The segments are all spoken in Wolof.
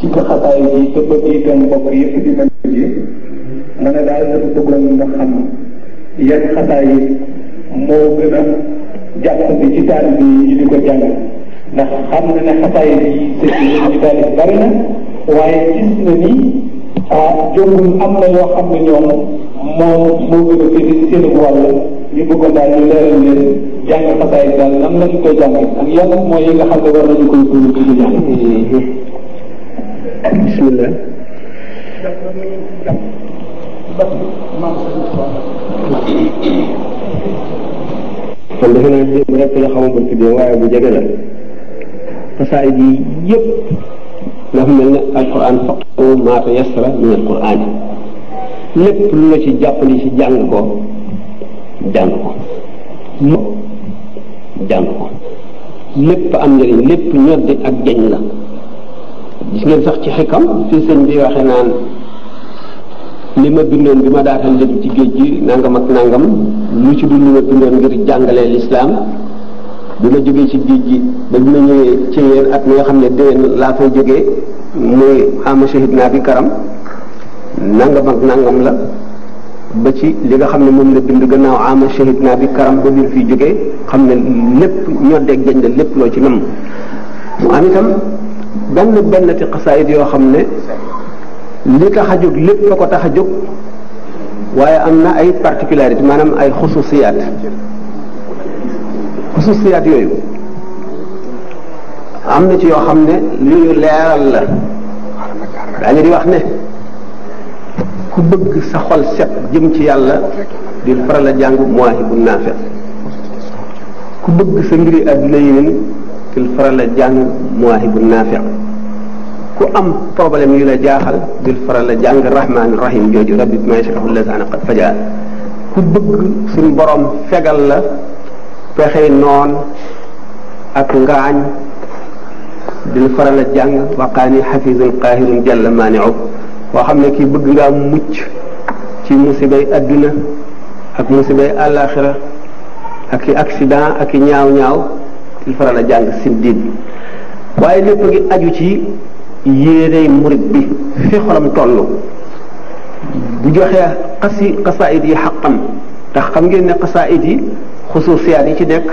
ci xasaay yi te bëgg itam bopp yëpp di mel ji ma ne daal dafa bëggoon mu xam yan xasaay yi moo gën a jàpp bi ci ko jàng ndax xam na ne xasaay yi sëñ ci taal bi bari na waaye gis na ni ah am na yoo xam ne ñoom moo moo gën a féete seen wàll ñu bëggoon daal ñu leeral leen jàng xasaay daal nan la ñu koy jàngee ak yan mooy yi xam ne war nañu koy dund di ko ak bismillah kon defe naa jéem rek la xamu barki dee waaye bu jege la tasaay ji yëpp dafa mel ne alquran faqru maa tayassara min alquran lépp lu la ci jàppali ci jàng ko jàng ko jàng ko lépp am njëriñ lépp ñoddi ak jañ la gis ngeen sax ci xikam fi sëñ bi waxe naan li ma bindoon bi ma daatal dem ci géej gi nangam ak nangam lu ci dul li ma bindoon ngir jàngalee lislaam bi ma jógee ci géej gi ba bi ma ñëwee ci yéen at mi nga xam ne déwén laa fay jógee muy ama shahid naa bi karam nangam ak nangam la ba ci li nga xam ne moom la bind gannaaw ama shahid naa bi karam ba biir fiy jógee xam ne lépp ñoddeeg jañ la lépp loo ci nam mu am itam benn benn ci xasaayit yoo xam ne li tax a jóg lépp la ko tax a jóg waaye am na ay particularité maanaam ay xususiyaat xususiyaat yooyu am na ci yoo xam ne lu ñu leeral la daañu di wax ne ku bëgg sa xol set jëm ci yàlla di faral a jàng Mawaahibu Naafi ku bëgg sa mbiri àdduna yi fil faral la jàng muwaahibu naafi ku am problème jaaxal dil faral la jàng rahmaani rahim jooju rabbi bi ma borom fegal la pexe noon ak ngaañ di faral la jàng waqaani xafizun qaahirun jalla maaniu koo xam ne kii bëgg ngaa mucc ci musibay adduna ak musibay àllaaxira ak i accident ak ñaaw-ñaaw ñu faral a jàng sindiin waaye lépp aju ci yéeney murit bi fi xolam toll bu joxee xasi xasaayid yi xaqam ndax xam ngeen ne xasaayid yi xusuusiyaat ci nekk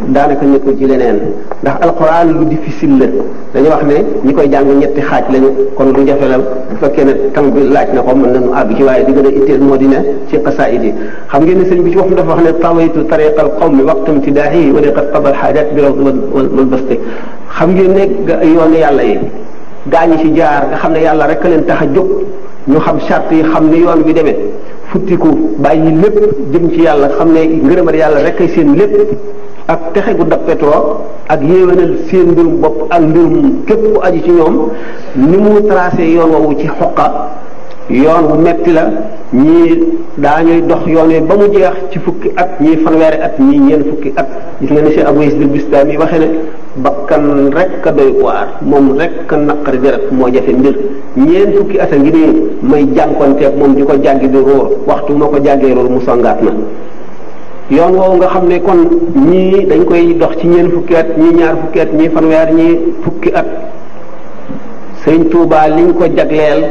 daanaka ñu ko ci leneen ndax alquran lu difficile la dañu wax ne ñi koy jàng ñetti xaaj lañu kon lu jafe la bu fekkee ne tam bi laaj na ko mën na nañu àgg ci waaye di gën a itteel moo di ne ci xasaayid yi xam ngeen ne sëñ bi ci waxam dafa wax ne tawaytu tariqal qawmi waqtam tidaahi xam ngeen ne yoonu yàlla yi ñi ci jaar nga xam ne yàlla rek leen tax a jóg ñu xam charte yi xam ne yoon bi demee futtiku bàyyi lépp jëm ci yàlla xam ne ngërëmal yàlla rek ay seen lépp ak texe gu dab ak yéwénal seen mbirum bopp ak mbirum képp ku aju ci ñoom ni mu tracé yoon woowu ci xoqa yoon wu metti la ñii daa daañuy dox yoon wi ba mu jeex ci fukki at ñii fanweeri at ñii ñeent fukki at gis nga ni Cheikh Abou Yazid Bistami yi waxe ne bakkan rek a doy waar moom rek a naqari deret moo jafe mbir ñeent fukki at a ngi nii may jànkonteeg moom di ko jàngi di róor waxtu moo ko jàngee róor mu songaat na yoon woowu nga xam ne kon ñii dañ koy dox ci ñeen fukki at ñii ñaar fukki at ñii fanweer ñii fukki at sëñ Touba liñ ko jagleel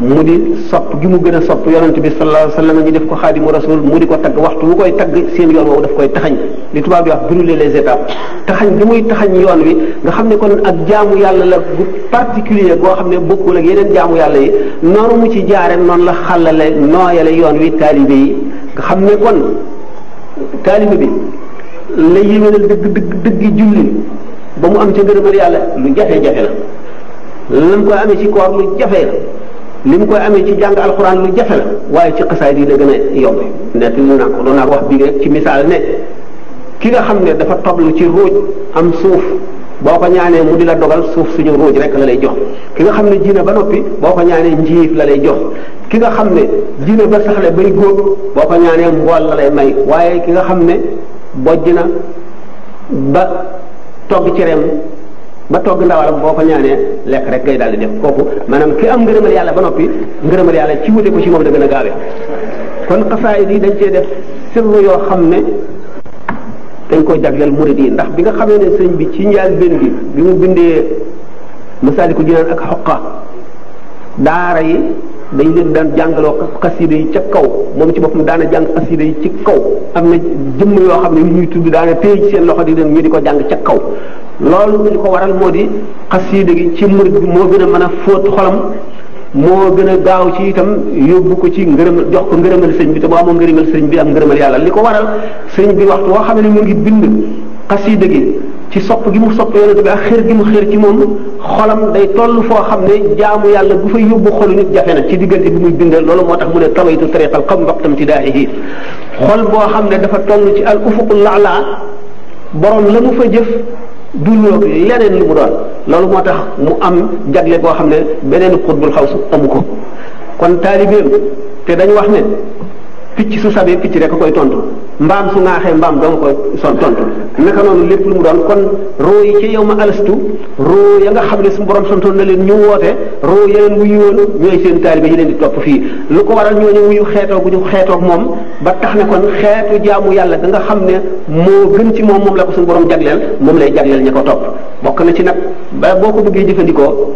mu di sopp gi mu gën a sopp yonent bi sa la wasallam ñu def ko xaadimu rasul mu di ko tagg waxtu wu koy tagg seen yoon woowu daf koy taxañ li tubaab bi wax brûler les étapes taxañ gi muy taxañ yoon wi nga xam ne kon ak jaamu yàlla la bu particulier goo xam ne bokkul ak yeneen jaamu yàlla yi noonu mu ci jaare noonu la xàllale nooyale yoon wi taalibe yi xam ne kon taalibe bi la yéwénal dëgg dëgg dëggi julli ba mu am ca ngërëmal yàlla lu jafe-jafe la lan koy amee ci koor lu jafe li mu koy amee ci jàng alxuraan lu jafe la waaye ci xasaay dii la gën a yombe net lu naa ko doon naa wax bii rek ci misaal ne ki nga xam ne dafa toblu ci ruuj am suuf boo ko ñaanee mu di la dogal suuf suñu ruuj rek la lay jox ki nga xam ne ji na ba noppi boo ko ñaanee njiif la lay jox ki nga xam ne dina ba saxle bay góob boo ko ñaanee mbool la lay may waaye ki nga xam ne bojj na ba togg cereem ba togg ndawalam boo ko ñaanee lekk rek ngay daal di def kooku maanaam ki am ngërëmal yàlla ba noppi ngërëmal yàlla ci wute ko ci moom la gën a gaawee kon xasaayid yi dañ cee def sirru yoo xam ne dañ ko jagleel murid yi ndax bi nga xamee ne sëñ bi ci njaal benn bi bi mu bindee masaaliku jinaan ak xoqa daara yi dañ leen daan jàngaloo xasida yi ca kaw moom ci boppam daana jàng xasida yi ci kaw am na jëmm yoo xam ne yu ñuy tudd daana téye ci seen loxo di leen ñu di ko jàng ca kaw loolu li ko waral moo di xasida gi ci murid moo gën a mën a fóot xolam moo gën a gaaw ci itam yóbbu ko ci ngërëm jox ko ngërëmal sëñ bi te moo amoon ngërëmal sëñ bi am ngërëmal yàlla li ko waral sëñ bi wax woo xam ne mu ngi bind xasida gi ci sopp gi mu sopp yonente bi ak xër gi mu xër ci moom xolam day toll foo xam ne jaamu yàlla bu fay yóbbu xolu nit jafe na ci diggante bi muy bindal loolu moo tax mu ne tabaytu tariqal xam waqtam ci daayihi boo xam ne dafa toll ci al ufuqul la'la borom la mu fa jëf du ñoo leneen li mu doon loolu moo tax mu am jagle boo xam ne beneen xutbul xaw su amu ko kon taalibeem te dañ wax ne picc su sabee picc rek koy tontu mbaam su naaxee mbaam doo nga koy son tontu naka noonu lépp lu mu doon kon roo yi ci yow ma alastu roo ya nga xam ne su borom santoon na leen ñu woote roo ya leen wuyu woon ñooy seen taalibe yi leen di topp fii lu ko waral ñooñu wuyu xeetoo gu ñu xeetoog moom ba tax ne kon xeetu jaamu yàlla da nga xam ne moo gën ci moom moom la ko suñu borom jagleel moom lay jagleel ña ko topp bokk na ci nag ba boo ko bëggee jëfandikoo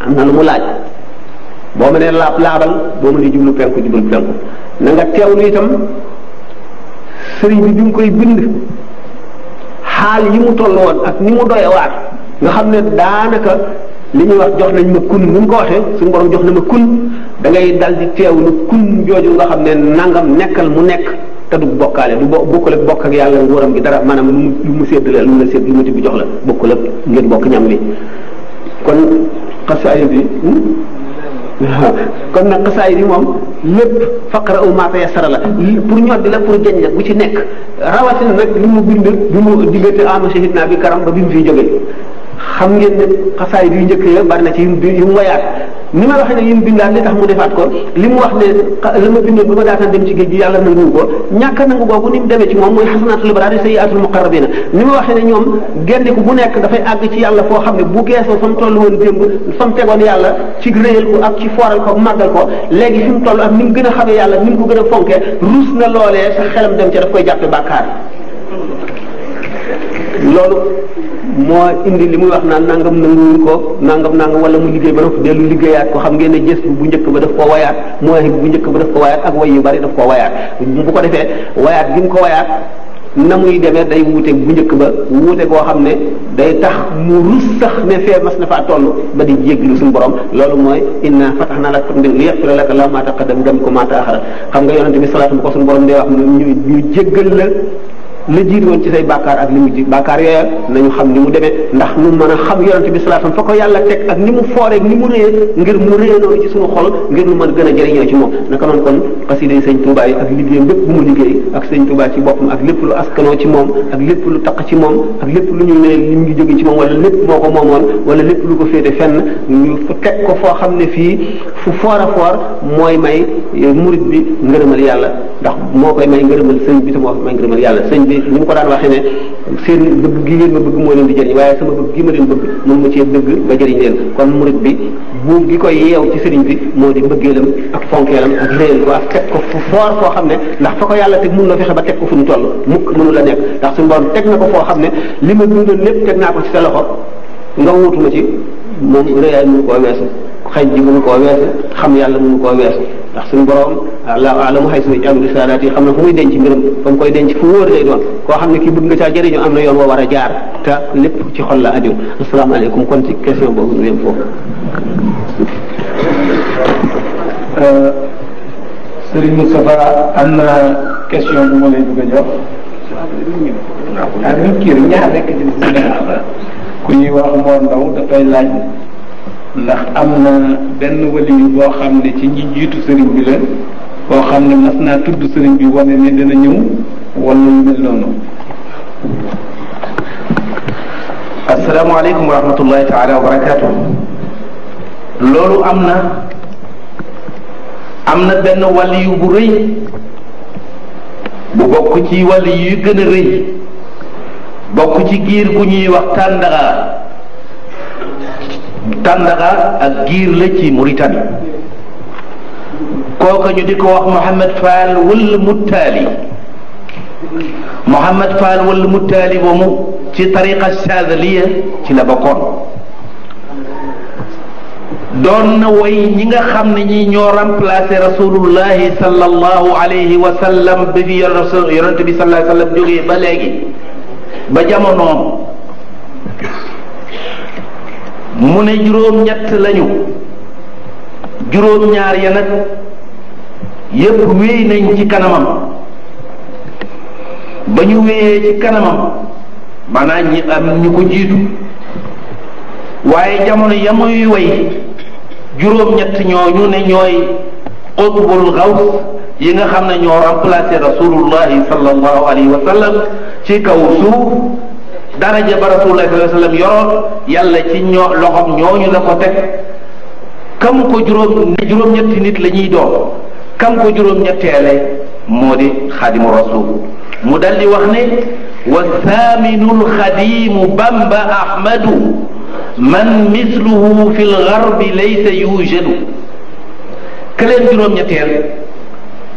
am na lu mu laaj boo mënee laab laabal boo mënee jublu penku jublu penku na nga teewlu itam sëriñ bi bi mu koy bind xaal yi mu toll woon ak ni mu doyewaat nga xam ne daanaka li ñuy wax jox nañ ma kun ni mu ko waxee suñu borom jox na ma kun da ngay dal di teew teewlu kun jooju nga xam ne nangam nekkal mu nekk te du bokkaale du bokk ak bokk ak yàlla nguuram gi dara maanaam lu mu lu mu sédd la lu mu la sédd lu mu tibb jox la bokkul ak ngeen bokk ñam li kon xas bi. waaw kon nag xasaay yi moom lépp faqra'u ma tayassara la pour ñoddi la pour jañ la bu ci nekk rawatina nag li mu bind bi mu diggante ama shahidna bi karam ba bi mu fiy jógee xam ngeen ne xasaay yu njëkk ya bari na ci yu mu wayaat ni ma waxee ne lim bindaat li tax mu defaat ko li mu wax ne la ma bindoon ba ma daataan dem ci géej gi yàlla nangu ko ñàkk a nangu googu ni mu demee ci moom mooy xasanaatul abrar yi sayyiatul muqarrabina ni ma waxee ne ñoom gendiku bu nekk dafay àgg ci yàlla foo xam ne bu geesoo fa mu toll woon démb fa mu tegoon yàlla ci réyal ko ak ci fooral ko màggal ko léegi fi mu toll ak ni mu gën a xamee yàlla ni mu ko gën a fonkee ruus na loolee sa xelam dem ca koy jàppe bàkkaar moo indi li muy wax naa nangam nanguwuñ nangam nangam wala mu liggéey ba noppi dellu liggéeyaat ko xam ngeen ne gës bu njëkk ba daf ko wayaat mooy bu njëkk ba daf ko wayaat ak way yu bari daf ko wayaat bu ko defee wayaat gi mu ko wayaat na muy demee day wuute bu njëkk ba wuute koo xam ne day tax mu rus sax ne fee mas na faa toll ba di jéglu suñu borom loolu mooy inna fatahna laka ko la maa taqaddama min dhanbika wa maa ta'akhkhara xam nga yonente bi salaatu ko suñu borom day wax ñu ñu jéggal la la jiit woon ci say bàkkaar ak li mu ji bàkkaar yooya nañu xam ni mu demee ndax nu mën a xam yonente bi salaatam fa ko yàlla teg ak ni mu fooree ni mu réyee ci suñu xol ngir nu mën gën a jëriñoo ci moom naka noonu kon xasida yi sëñ Tuubaa yi ak liggéeyam moom ak lépp lu taq moom ak lu ñu ne li ngi jóge ci moom wala lépp moo ko moomoon wala lépp lu ko féete fenn ñu ko foo xam ne fii fu foor a foor mooy may murit bi ngërëmal yàlla ndax moo koy may ngërëmal sëñ bi te moo koy may ngërëmal yàlla sëñ bi ni mu ko daan waxee ne seen bëgg gi ngeen ma bëgg moo leen di jëriñ waaye sama bëgg gi ma leen bëgg mun ma cee bëgg ba jëriñ leen kon murid bi buum gi koy yeew ci sëriñ bi moo di bëggeelam ak fonkeelam ak léyal ko ak teg ko fu foor foo xam ne ndax fa ko yàlla teg mun na fexe ba teg ko fu ñu toll mukk mënu la nekk ndax suñu borom teg na ko foo xam ne li ma dundoon lépp teg naa ko ci sa loxo nga wuutuma ci moom réyaay mënu koo weesu xaj ji koo xam yàlla mënu koo weesu ndax suñu borom allahu alamu xay suñu jàllu risaalaat yi xam na fu muy denc mbiram fa koy denc fu wóor lay doon koo xam ne kii bëgg nga caa jëriñu am na yoon woo war a jaar te lépp ci xol la aju asalaamaaleykum kon ci question boobu ñu yem foofu euh, Serigne Moustapha am na question a jox ah ñu kii ah, ñaar rek ku ñuy wax Mor Ndaw dafay laaj ndax am na benn waliyu boo xam ne ci ñi jiitu sëriñ bi la boo xam ne mas naa tudd sëriñ bi wane ne dina ñëw wala lu mel noonu asalaamaaleykum wa rahmatullahi taala wa barakaatu loolu am na am na benn waliyu bu rëy bu bokk ci waliyu yu gën a rëy bokk ci giir gu ñuy wax tàndaxaar tàndaxa ak giir la ci Mauritanie kooka ñu di ko wax Mouhamed Fall wala Muttaali Mouhamed Fall wala Muttaali moomu ci tariqa Chazaliya ci la bokkoon doon na way ñi nga xam ne ñi ñoo remplacé rasulullahi sallallahu alayhi wa ba fi yonente bi sallallahu alayhi wa ba léegi ba jamonoom mu ne juróom-ñett lañu juróom-ñaar ya yépp wéy nañ ci kanamam ba ñu wéyee ci kanamam maanaam ñi am ñu ko jiitu waaye jamono ya muy way juróom-ñett ñooñu ne ñooy qutbul xaws yi nga xam ne ñoo remplacé rasulullahi sallallahu alayhi wa ci kaw suuf daraja ba rasulullah sallallahu alayhi wasallam yoroon yàlla ci ñoo loxom ñooñu la ko teg kam ko juróom ne juróom-ñetti nit la ñuy doon kam ko juróom-ñetteele moo di xadimu rasul mu dal di wax ne wa thaaminul xadimu bamba ahmadu man misluhu fi lgarbi laysa yujadu keleen juróom-ñetteel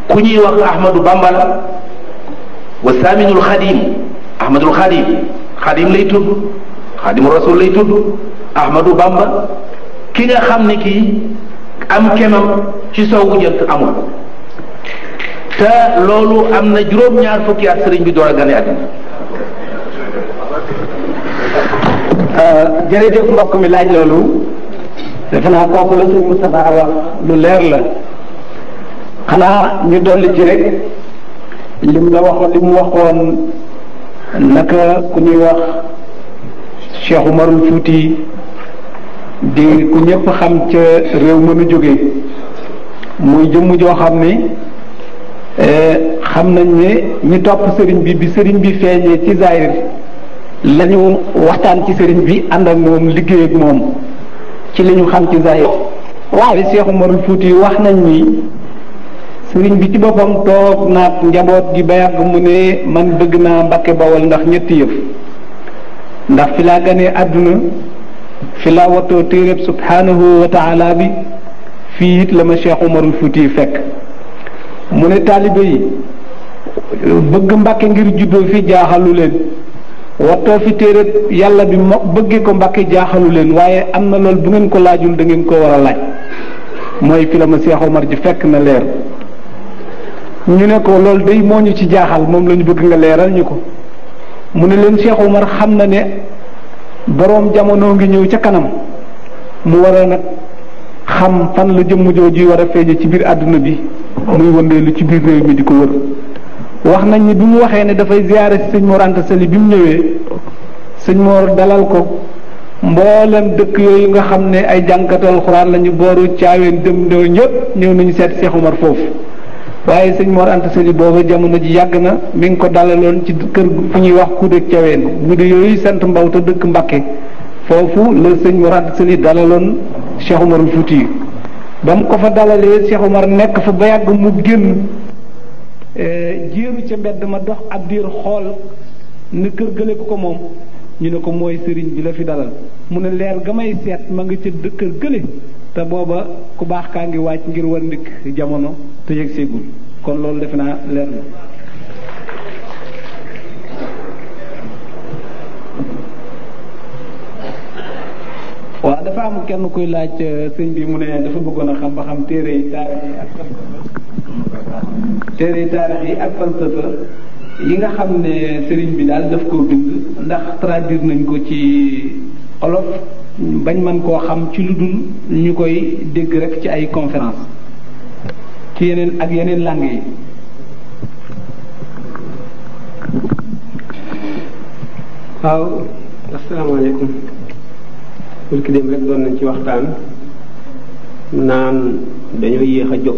ku ñuy wax ahmadu bamba la wa thaaminul xadim ahmadul xadim xadim lay tudd xadimu rasul lay tudd ahmadu bamba ki nga xam ne kii am kemam ci soowu jënt amul te loolu am na juróom-ñaar fukki at sëriñ bi door a gane àddina euh, jërëjëf mbokk mi laaj loolu defe naa kooku la sëñ Moustapha wax lu leer la xanaa ñu dolli ci rek lim la waxoon li mu waxoon naka ku ñuy wax Cheikh Umarul Fuuti di ku ñëpp xam ca réew mënu jóge muy jëmm joo xam ne eh, xam nañ ne ñu topp sëriñ bi bi sëriñ bi feeñee ci zahir la waxtaan ci sëriñ bi ànd ak moom liggéey ak moom ci lañu ñu xam ci zahir waaye Cheikh Umarul Fuuti wax nañ ni sëriñ bi ci boppam toog naag njaboot gi ba yàgg mu ne man bëgg naa Mbàkke Bawol ndax ñetti yëf ndax fi laa ganee àdduna fi laa wattoo téeréb subhanahu wa bi fii it la ma Cheikh Umarul Fuuti fekk mu ne taalibe yi bëgg Mbàkke ngir juddoo fi jaaxalu leen wattoo fi téeréb yàlla bi mo bëggee ko Mbàkke jaaxalu leen waaye am na lool bu ngeen ko laajul da ngeen ko war a laaj mooy fi la ma Cheikh ji fekk na leer ñu ne ko loolu day moo ñu ci jaaxal moom lañu ñu bëgg nga leeral ñu ko mu ne leen Cheikh Umar xam na ne boroom jamono ngi ñëw ca kanam mu war a nag xam fan la jëmm jooju war a feeñe ci biir àdduna bi muy wëndeelu ci biir réew mi di ko wër wax nañ ni bi mu waxee ne dafay ziyaare si sëñ Mor Anta bi mu ñëwee sëñ Mor dalal ko mboolem dëkk yooyu nga xam ne ay jànkatu alxuraan lañu booru caaween dem ñëw ñëpp ñëw nañu seet Cheikh Umar foofu waaye sëñ Mor Anta Sali boobu jamono ji yàgg na mi ngi ko dalaloon ci kër fu ñuy wax ku Kude Caween guddi yooyu sant mbaw te dëkk Mbakke foofu la sëñ Mor Anta Sali dalaloon Cheikh Oumar Fouti ba mu ko fa dalalee Cheikh Oumar nekk fa ba yàgg mu génn eh, jéeru ca mbedd ma dox ab diir xool ne kër gële ko ko moom ñu ne ko mooy sëriñ bi la fi dalal mu ne leer ga may seet ma nga ca kër gële te booba ku baax kaa ngi wàcc ngir war ndik jamono te yëg seegul kon loolu defe naa leer na waaw dafa am kenn kuy laaj euh, sëñ bi mu ne dafa bëggoon a xam ba xam téere yi taarix yi ak téere yi taarix yi ak falsafa yi nga xam ne sëriñ bi daal daf koo bind ndax traduire nañ ko ci olof bañ man koo xam ci lu dul ñu koy dégg rek ci ay conférence ci yeneen ak yeneen langue yi waaw asalaamaaleykum pour ki dem rek doon nañ ci waxtaan naan dañoo yéex a jóg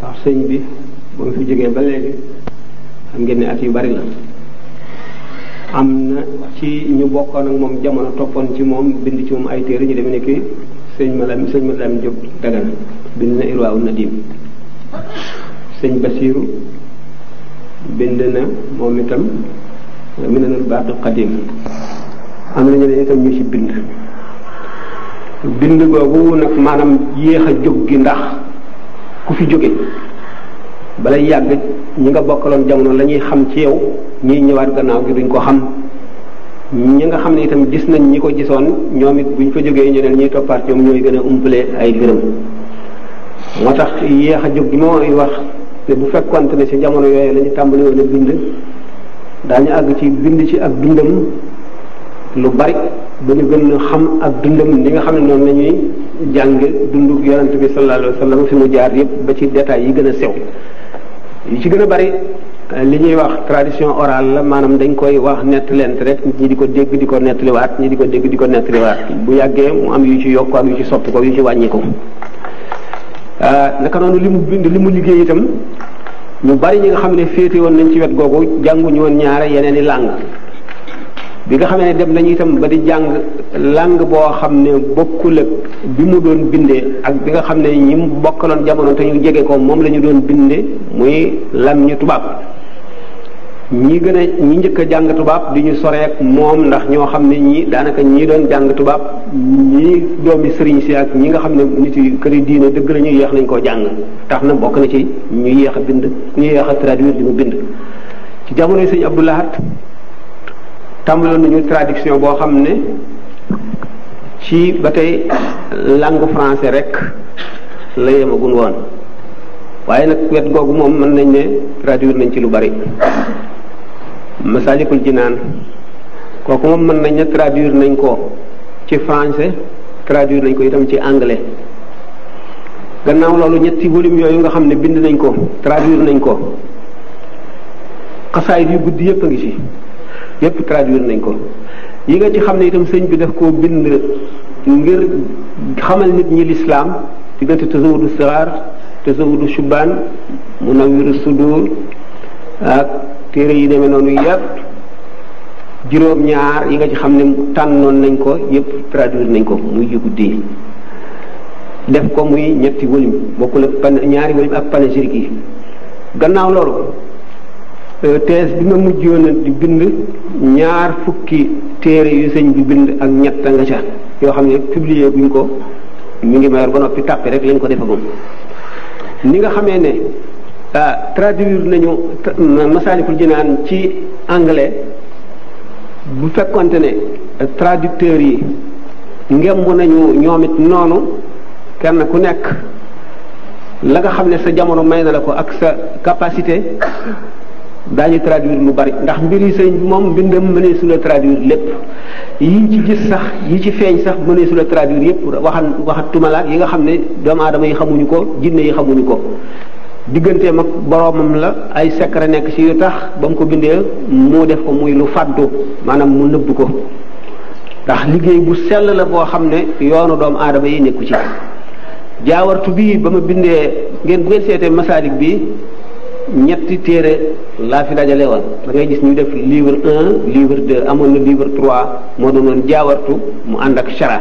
sax sëñ bi ba mu fi jógee ba léegi xam ngeen ne at yu bari la am na ci ñu bokkoon ak moom jamono toppoon ci moom bind ci moom ay téere ñu demee nekk sëñ Malam sëñ Malam Diop Dagana bind na Irwaaw Nadim sëñ Basiiru bind na moom itam Minanul Baaqil Qadiim am na ñeneen itam ñu ci bind bind googu nag maanaam yéex a jóg gi ndax ku fi jóge balay yàgg ñi nga bokkaloon jamono lañuy xam ci yow ñii ñëwaat gannaaw gi duñ ko xam ñi nga xam ne itam gis nañ ñi ko gisoon ñoom it buñ fa jógee ñeneen ñuy toppaat ñoom ñooy gën a umpale ay mbiram moo tax yéex a jóg gi wax te bu fekkonte ne ci jamono yooyu la ñu tàmbali woon a àgg ci bind ci ak dundam lu bari ba ñu gën xam ak dundam li nga xam ne noonu la ñuy jàng dundu yonent bi sallallahu alayhi wa sallam fi mu jaar yëpp ba ci détails yi gën a sew yi ci gën a bari Euh, li ñuy wax tradition orale la maanaam dañ koy wax nettalent rek ñi di ko dégg di ko nettaliwaat ñi di ko dégg di ko nettaliwaat bu yàggee mu am yu ci yokk am yu ci soppi ko yu ci wàññi ko euh, noonu li mu bind li mu liggéey itam ñu bari ñi nga xam ne féete woon nañ ci wet googu jànguñu woon ñaare yeneen i langue bi nga xam ne dem nañu itam ba di jàng langue boo xam ne bokkul ak bi mu doon bindee ak bi nga xam ne ñi mu bokkaloon jamono te ñu jege ko moom lañu ñu doon binde muy lam ñu tubaab ñi gën a ñi njëkk a jàng tubaab di ñu soreek moom ndax ñoo xam ne ñii daanaka ñii doon jàng tubaab ñii doomi sëriñ si ak ñi nga xam ne nit yi këri diine dëgg nañu ñu yéex nañ koo jàng tax na bokk na ci ñu yéex a bind ñu yéex a traduire di mu bind ci jamonoy sëñ Abdou Lahat tàmbaloon nañu traduction boo xam ne ci ba tey làngu français rek la yemagun woon waaye nag wet googu moom mën nañ ne traduire nañ ci lu bari masalikul jinaan kooku moom mën nañ ne traduire nañ ko ci français traduire nañ ko itam ci anglais gannaaw loolu ñetti volume yooyu nga xam ne bind nañ ko traduire nañ ko xasaayit yu guddi yépp a ngi ci yépp traduire nañ ko yi nga ci xam ne itam sëñ bi daf koo bind ngir xamal nit ñi lislaam diggante tasawudu siraar tasawudu shubaan munawiru sudur ak téere yi deme noonu yépp juróom-ñaar yi nga ci xam ne tànnoon nañ ko yépp traduire nañ ko muy yu guddi def ko muy ñetti volume bokkul ak pan ñaari volume ak panégyrique yi gannaaw loolu euh, thèse bi ma mujjoon a di bind ñaar fukki téere yu sëñ bi bind ak ñett nga ca yoo xam ne publié guñ ko ñu ngi mayor ba noppi tàppi rek lañ ko defagum ni nga xamee ne Euh, traduire nañu euh, Masaalikul Jinaan ci anglais bu fekkonte ne euh, traducteurs yi ngemb nañu ñoom it noonu kenn ku nekk la nga xam ne sa jamono may na la ko ak sa capacité daañu traduire lu bari ndax mbir yi sëñ moom mbindam mënee su la traduire lépp yiñ ci gis sax yi ci feeñ sax mënee su la traduire yépp waxan waxat tumalaak yi nga xam ne doomu adama yi xamuñu ko jinne yi xamuñu ko digganteem ak boroomam la ay secret nekk ci yu tax ba mu ko bindee moo def ko muy lu fàddu maanaam mu nëbb ko ndax liggéey bu sell la boo xam ne yoonu doomu aadama yi nekku ci jaawartu bii ba ma bindee ngeen bu ngeen seetee masaalik bi ñetti téere laa fi dajale woon da ngay gis ñu def livre un livre deux amoon na livre trois moo doonoon jaawartu mu ànd ak chara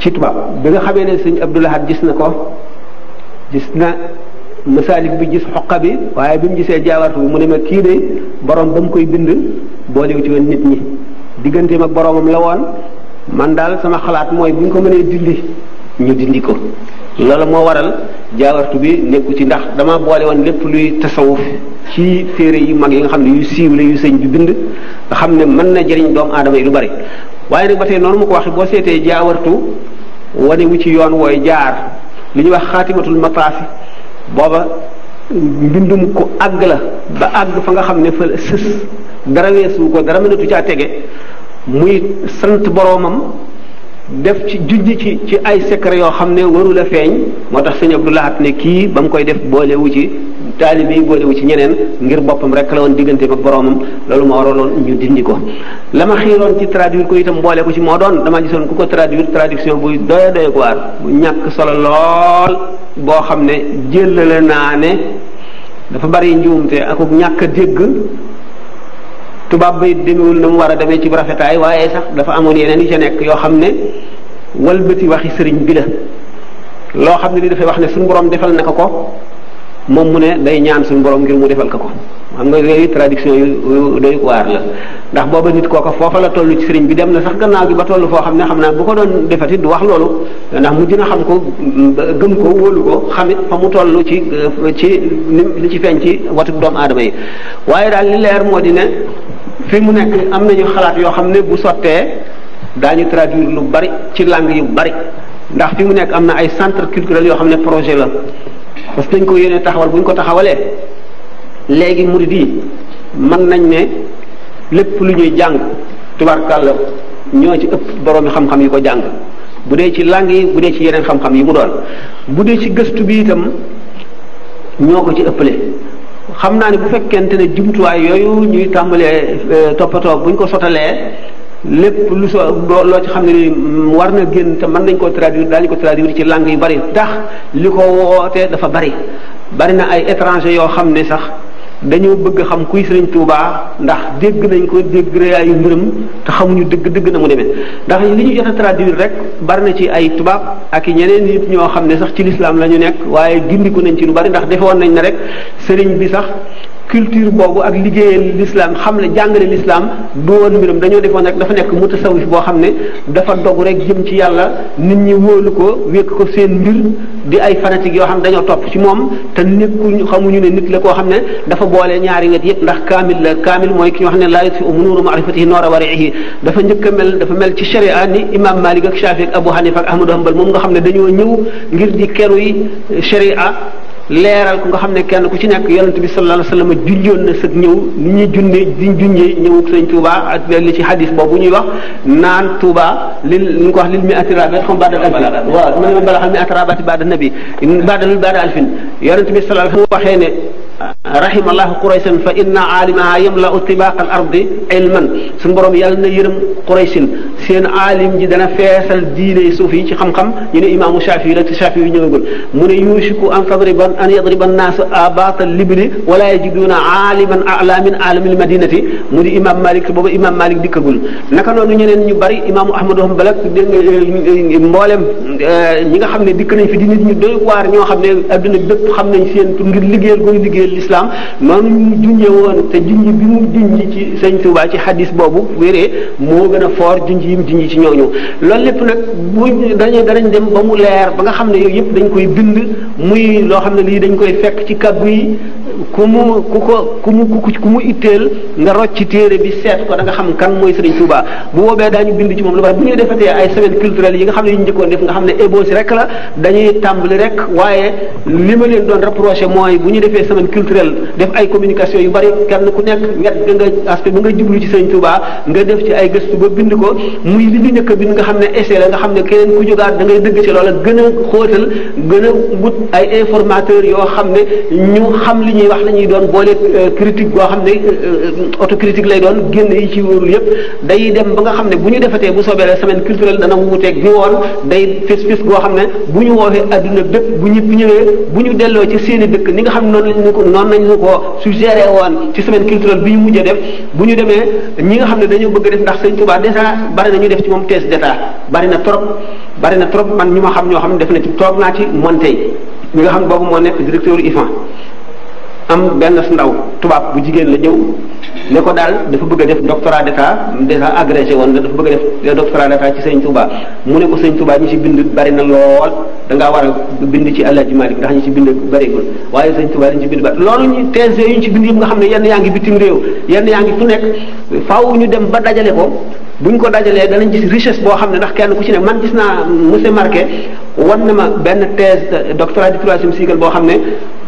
ci tubaab bi nga xamee ne sëñ Abdul Ahad gis na ko gis na masaalik bi gis xoqa bi waaye bi mu gisee jaawartu bi mu ne ma kii de boroom ba mu koy bind boolewu ci woon nit ñi digganteem ak boromam la woon man daal sama xalaat mooy bu ñu ko mënee dindi ñu dindi ko loolu moo waral jaawartu bi nekku ci ndax damaa boole woon lépp luy tasawuf ci téere yu mag yi nga xam ne yu siiw la yu sëñ bi bind nga xam ne mën na jëriñ doomu aadama yi lu bari waaye nag ba tey noonu mu ko waxee boo seetee jaawartu wane wu ci yoon wooy jaar li ñuy wax xaatimatul mataafi booba mbindum ku àgg la ba àgg fa nga xam ne fa sës dara weesu ko dara mënatu caa tege muy sant boroomam def ci junj ci ci ay secret yoo xam ne warul a feeñ moo tax sëñ Abdou Lahat ne kii ba mu koy def boolewu ci taalibe yi boolewu ci ñeneen ngir boppam rekk la woon digganteem ak boromam loolu moo waraloon ñu dindi ko. la ma xiiroon ci traduire ko itam boole ko ci moo doon damaa gisoon ku ko traduire traduction buy doy doy ko waar bu ñàkk solo lool boo xam ne jëlale naa ne dafa bari njuumte ak ñàkk a dégg. tubaab ba it demewul na mu war a demee ci rafetaay waaye sax dafa amoon yeneen yi ca nekk yoo xam ne walbati waxi sëriñ bi la loo xam ne li dafay wax ne suñu boroom defal na ko ko moom mu ne day ñaan suñu borom ngir mu defal ko ko xam nga yooyu traduction yu doy waar la ndax booba nit kooka foofa la toll ci sëriñ bi dem na sax gannaaw gi ba toll foo xam ne xam naa bu ko doon defati du wax loolu ndax mu dina xam ko gëm ko wóolu ko xamit fa mu toll ci ci ci feeñ ci watu doomu aadama yi waaye daal li fi mu nekk am nañu xalaat yoo xam ne bu sottee daañu traduire lu bari ci langue yu bari ndax fi mu nekk am na ay centre culturel yoo xam ne projet la parce dañ ko yéene taxawal bu ko taxawalee léegi murid yi man nañ ne lépp lu ñuy jàng tubarkàlla ñoo ci ëpp boroomi xam-xam yi ko jàng bu dee ci langue yi bu dee ci yeneen xam-xam yi mu doon bu dee ci gëstu bi itam ñoo ko ci ëpple xam naa ne bu fekkente ne jumtuwaay yooyu ñuy tàmbalee euh, toppatoo buñ ko sotalee lépp lu so loo ci xam ne ni war na génn te mën nañ koo traduire daañu ko traduire ci langue yu bari ndax li ko wootee dafa bari bari na ay étranger yoo xam ne sax dañoo bëgg xam kuy sëriñ Touba ndax dégg nañ ko dégg rëyaayu mbiram te xamuñu dëgg dëgg na mu demee ndax li ñu jot a traduire rek bari ci ay tubaab ak i ñeneen nit ñoo xam ne sax ci lislaam la ñu nekk waaye gindiku nañ ci lu bari ndax defewoon nañ ne rek sëriñ bi sax culture boobu ak liggéeya lislaam xam ne jàngale l'islam du woon mbiram dañoo defoon rek dafa nekk mutasawif boo xam ne dafa dog rek jëm ci yàlla nit ñi wóolu ko wékk ko seen mbir di ay fanatiques yoo xam ne dañoo topp ci moom te nekkuñu xamuñu ne nit la koo xam ne dafa boole ñaari wet yépp ndax kaamil la kaamil mooy ki ñu wax ne laa yutfi nuuru maarifatihi noora warihi dafa njëkk a mel dafa mel ci sharia ni imam Malik ak Shafi ak Abu Hanifa ak Ahmadu moom nga xam ne dañoo ñëw ngir di keru yi sharia leeral ko nga xam ne kenn ku ci nekk yonent bi sallallahu alayhi wasallam junjoon na sëg ñëw ni ñuy junne diñ junjee ñëw sëñ Touba ak li ci hadis boobu ñuy wax naan Touba li ñu ko wax lil mi atirabat xam baadal alfin waaw ma ne ma bala xam mi atirabat baada nabi baadal baada alfin yonent bi sallallahu alayhi wasallam waxee ne rahimallahu quraysan fa inna aalimaha yamla'u tibaaqal ardi ilman suñu borom aalim ji dana diine suuf ci xam-xam ñu ne imaamu la te Shaafi yi ñëwagul mu ne an tadriban an yadriba wala yajiduuna aaliman a'la min aalamil madinati mu di imaam Malik booba imaam Malik dikkagul naka noonu ñeneen ñu bari imaamu Ahmadu Hanbal ak eh, mboolem eh, ñi nga xam ne dikk nañ fi di nit ñu doy waar ñoo xam ne adduna bépp xam nañ seen ngir liggéeyal gooy liggéeyal dëggal lislaam noonu mu junje woon te junj bi mu junj ci sëñ Tuubaa ci xadis boobu wéree moo gën a foor junj yi mu junj ci ñooñu loolu lépp nag bu dañu danañ dem ba mu leer ba nga xam ne yooyu yëpp dañ koy bind muy loo xam ne lii dañ koy fekk ci kàggu yi ku mu ku ko ku mu ku mu itteel nga ci téere bi seet xam kan mooy sëriñ bu boobee daañu bind ci moom lu bari bu ñuy defatee ay semaine culturelle yi nga xam ne yu njëkkoon def xam ne ébauche rek la dañuy tàmbali rek waaye li ma leen doon rapproché mooy bu ñu defee semaine def ay communication yu bari kenn ku nekk wet nga nga jublu ci sëñ Touba nga def ci ay gëstu ba bind ko muy li ñu bind nga xam ne essai la nga xam ne keneen ku jógaat da ngay dëgg ci loola gën a xóotal gën a wut ay informateur yoo xam ne ñu xam li ñuy wax la doon boole euh, critique boo xam ne euh, euh, autocritique lay doon génn yi ci wóorul yépp day dem ba nga xam ne bu ñu defatee bu soobee la semaine culturelle dana wuuteeg bi woon day fis fis goo xam noonu nañu ko su suggéré woon ci semaine culturelle bi ñu mujj a def bu ñu demee ñi nga xam ne dañoo bëgg a def ndax sëñ Tuubaa déjà bari na ñu def ci moom thèse d'état bari na trop bari na trop man ñu ma xam ñoo xam ne def na ci toog naa ci Montey mi nga xam boobu moo nekk directeur IFAN am benn ndaw tubaab bu jigéen la ñëw ne ko daal dafa bëgg def doctorat d'état déjà agrégé woon nga dafa bëgg a def doctorat d'état ci sëñ mu ne ko sëñ Touba ñi ci bind bari na lool da ngaa war a bind ci El Hadj Malick ndax ñi ci bind bariwul waaye sëñ Touba ba loolu ñu thèse yu ñu ci bind yëpp nga xam ne yenn yaa ngi bitim réew yenn yaa ngi fu nekk faaw ñu dem ba dajale ko bu buñ ko dajalee danañ gis richesse boo xam ne ndax kenn ku ci ne man gis naa monsieur Marquet wan na ma benn thèse doctorat du troisième cycle boo xam ne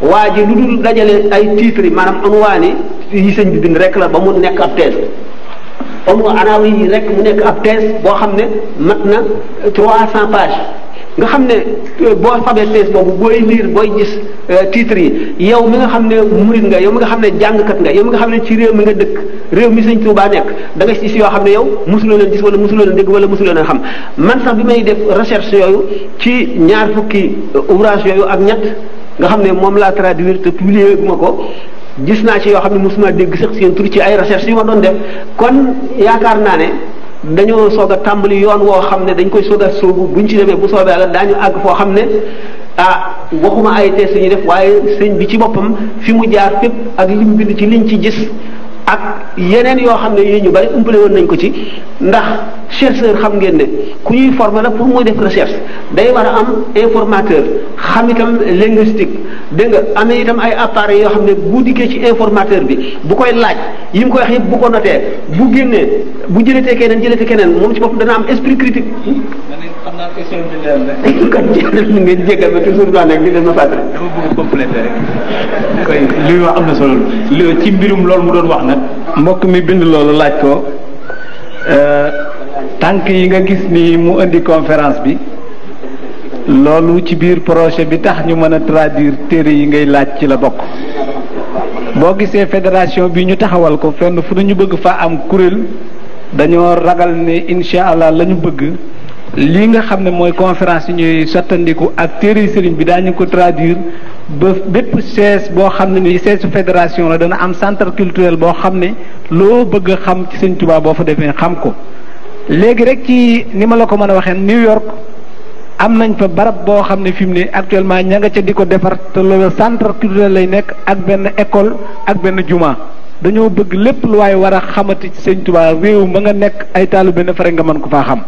waa ji lu dul dajale ay titres yi maanaam amuwaani yi sëñ bi bind rek la ba mu nekk ab thèse Ummu Anaawi yi rek mu nekk ab thèse boo xam ne mat na trois cent pages nga xam ne euh, boo fabee thèse boobu booy lire booy gis euh, titre yi yow mi nga xam ne murid nga yow mu nga xam ne jàngkat nga yow mi nga xam ne ci réew mi nga dëkk réew mi Sëñ Tuubaa nekk da nga gis yoo xam ne yow mosuloo leen gis wala mosuloo leen dégg wala mosuloo leen xam man sax bi may def recherche yooyu ci ñaar fukki euh, ouvrage yooyu ak ñett nga xam ne moom laa traduire te publié gu ma ko gis naa ci yoo xam ne mosuma dégg sax seen tur ci ay recherche yu ma doon dem kon yaakaar naa ne dañoo soog a tàmbali yoon woo xam ne dañ koy soog a bu ñu ci demee bu soobee yàlla daañu àgg foo xam ne ah waxuma ay tees ñu def waaye sëñ bi ci boppam fi mu jaar fépp ak li lim bind ci liñ ci gis ak yeneen yoo xam ne yooyu ñu bari umpale woon nañ ko ci ndax chercheur xam ngeen ne ku ñuy former la pour mooy def recherche day war a am informateur xam itam linguistique dégg nga am na itam ay appareils yoo xam ne bu dikkee ci informateur bi bu koy laaj yi mu koy wax yëpp bu ko notee bu génnee bu jëlatee keneen jëlatee keneen moom ci bopp dana am esprit critique. xam naa question bi leer na. kon jéem a ngeen jégal ma toujours daan rek di leen ma fàttali. dama bëgg compléter koy li wax am na solo ci mbirum loolu mu doon wax nag. mbokk mi bind loolu laaj ko. Euh, tànk yi nga gis ni mu indi conférence bi loolu ci biir projet bi tax ñu mën a traduire téere yi ngay laaj ci la bokk boo gisee fédération bi ñu taxawal ko fenn fu ñu bëgg fa am kuréel dañoo ragal ne incha allah lañu bëgg lii nga xam ne mooy conférence yi ñuy sottandiku ak téere sëriñ bi daañu ko traduire ba bépp sees boo xam ne ni seesu fédération la dana am centre culturel boo xam ne loo bëgg xam ci sëñ Tuubaa boo fa defee xam ko léegi rek ci ni ma la ko mën a waxee New York am nañ fa barab boo xam ne fi mu ne actuellement ña nga ca di ko defar te loolu centre culturel lay nekk ak benn école ak benn juma dañoo bëgg lépp lu waaye war a xamati ci sëñ Tuubaa réew ma nga nekk ay taalu benn fare nga mën ko faa xam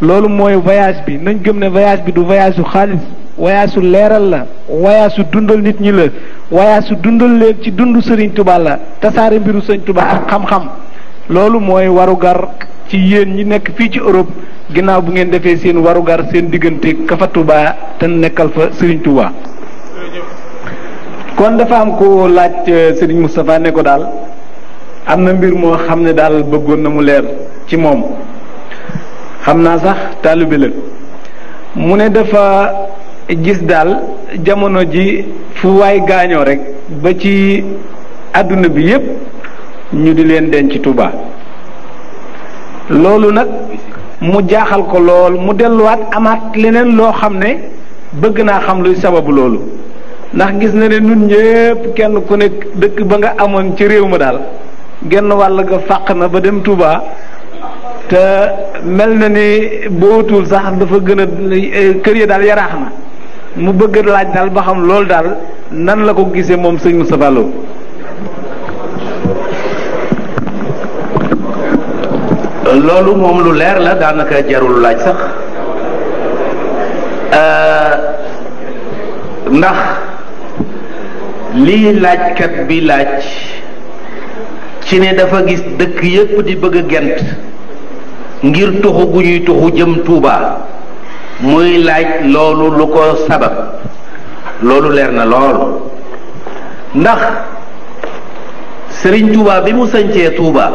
loolu mooy voyage bi nañ gëm ne voyage bi du voyage su xaalis voyage su leeral la voyage su dundal nit ñi la voyage su dundal leen ci dund sëriñ Tuubaa la tasaare mbiru sëñ Tuubaa xam loolu mooy warugar ci yéen ñi nekk fii ci Europe ginnaaw bu ngeen defee seen warugar seen diggante ka fa Touba te nekkal fa Serigne Touba. kon dafa am ko laaj euh, Serigne Moustapha ne ko daal am na mbir moo xam ne daal bëggoon na mu leer ci moom xam naa sax taalibe la mu ne dafa gis daal jamono ji fu waay gaañoo rekk ba ci àdduna bi yépp ñu di leen denc tubaa loolu nag mu jaaxal ko lool mu delluwaat amaat leneen loo xam ne bëgg naa xam luy sababu loolu ndax gis na ne nun ñëpp kenn ku nekk dëkk ba nga amoon ci réew ma daal genn wàll nga fàq na ba dem Tuuba te mel na ni bootul sax dafa gën a kër ya daal yaraax na mu bëgg laaj daal ba xam loolu daal nan la ko gisee moom sëñ Moustapha Lo loolu moom lu leer la daanaka jarul laaj sax euh, ndax lii laajkat bi laaj ci ne dafa gis dëkk yépp di bëgg gent ngir tuxu gu ñuy tuxu jëm Tuuba muy laaj loolu lu ko sabab loolu leer na lool ndax Sëriñ Tuuba bi mu sañcee Tuuba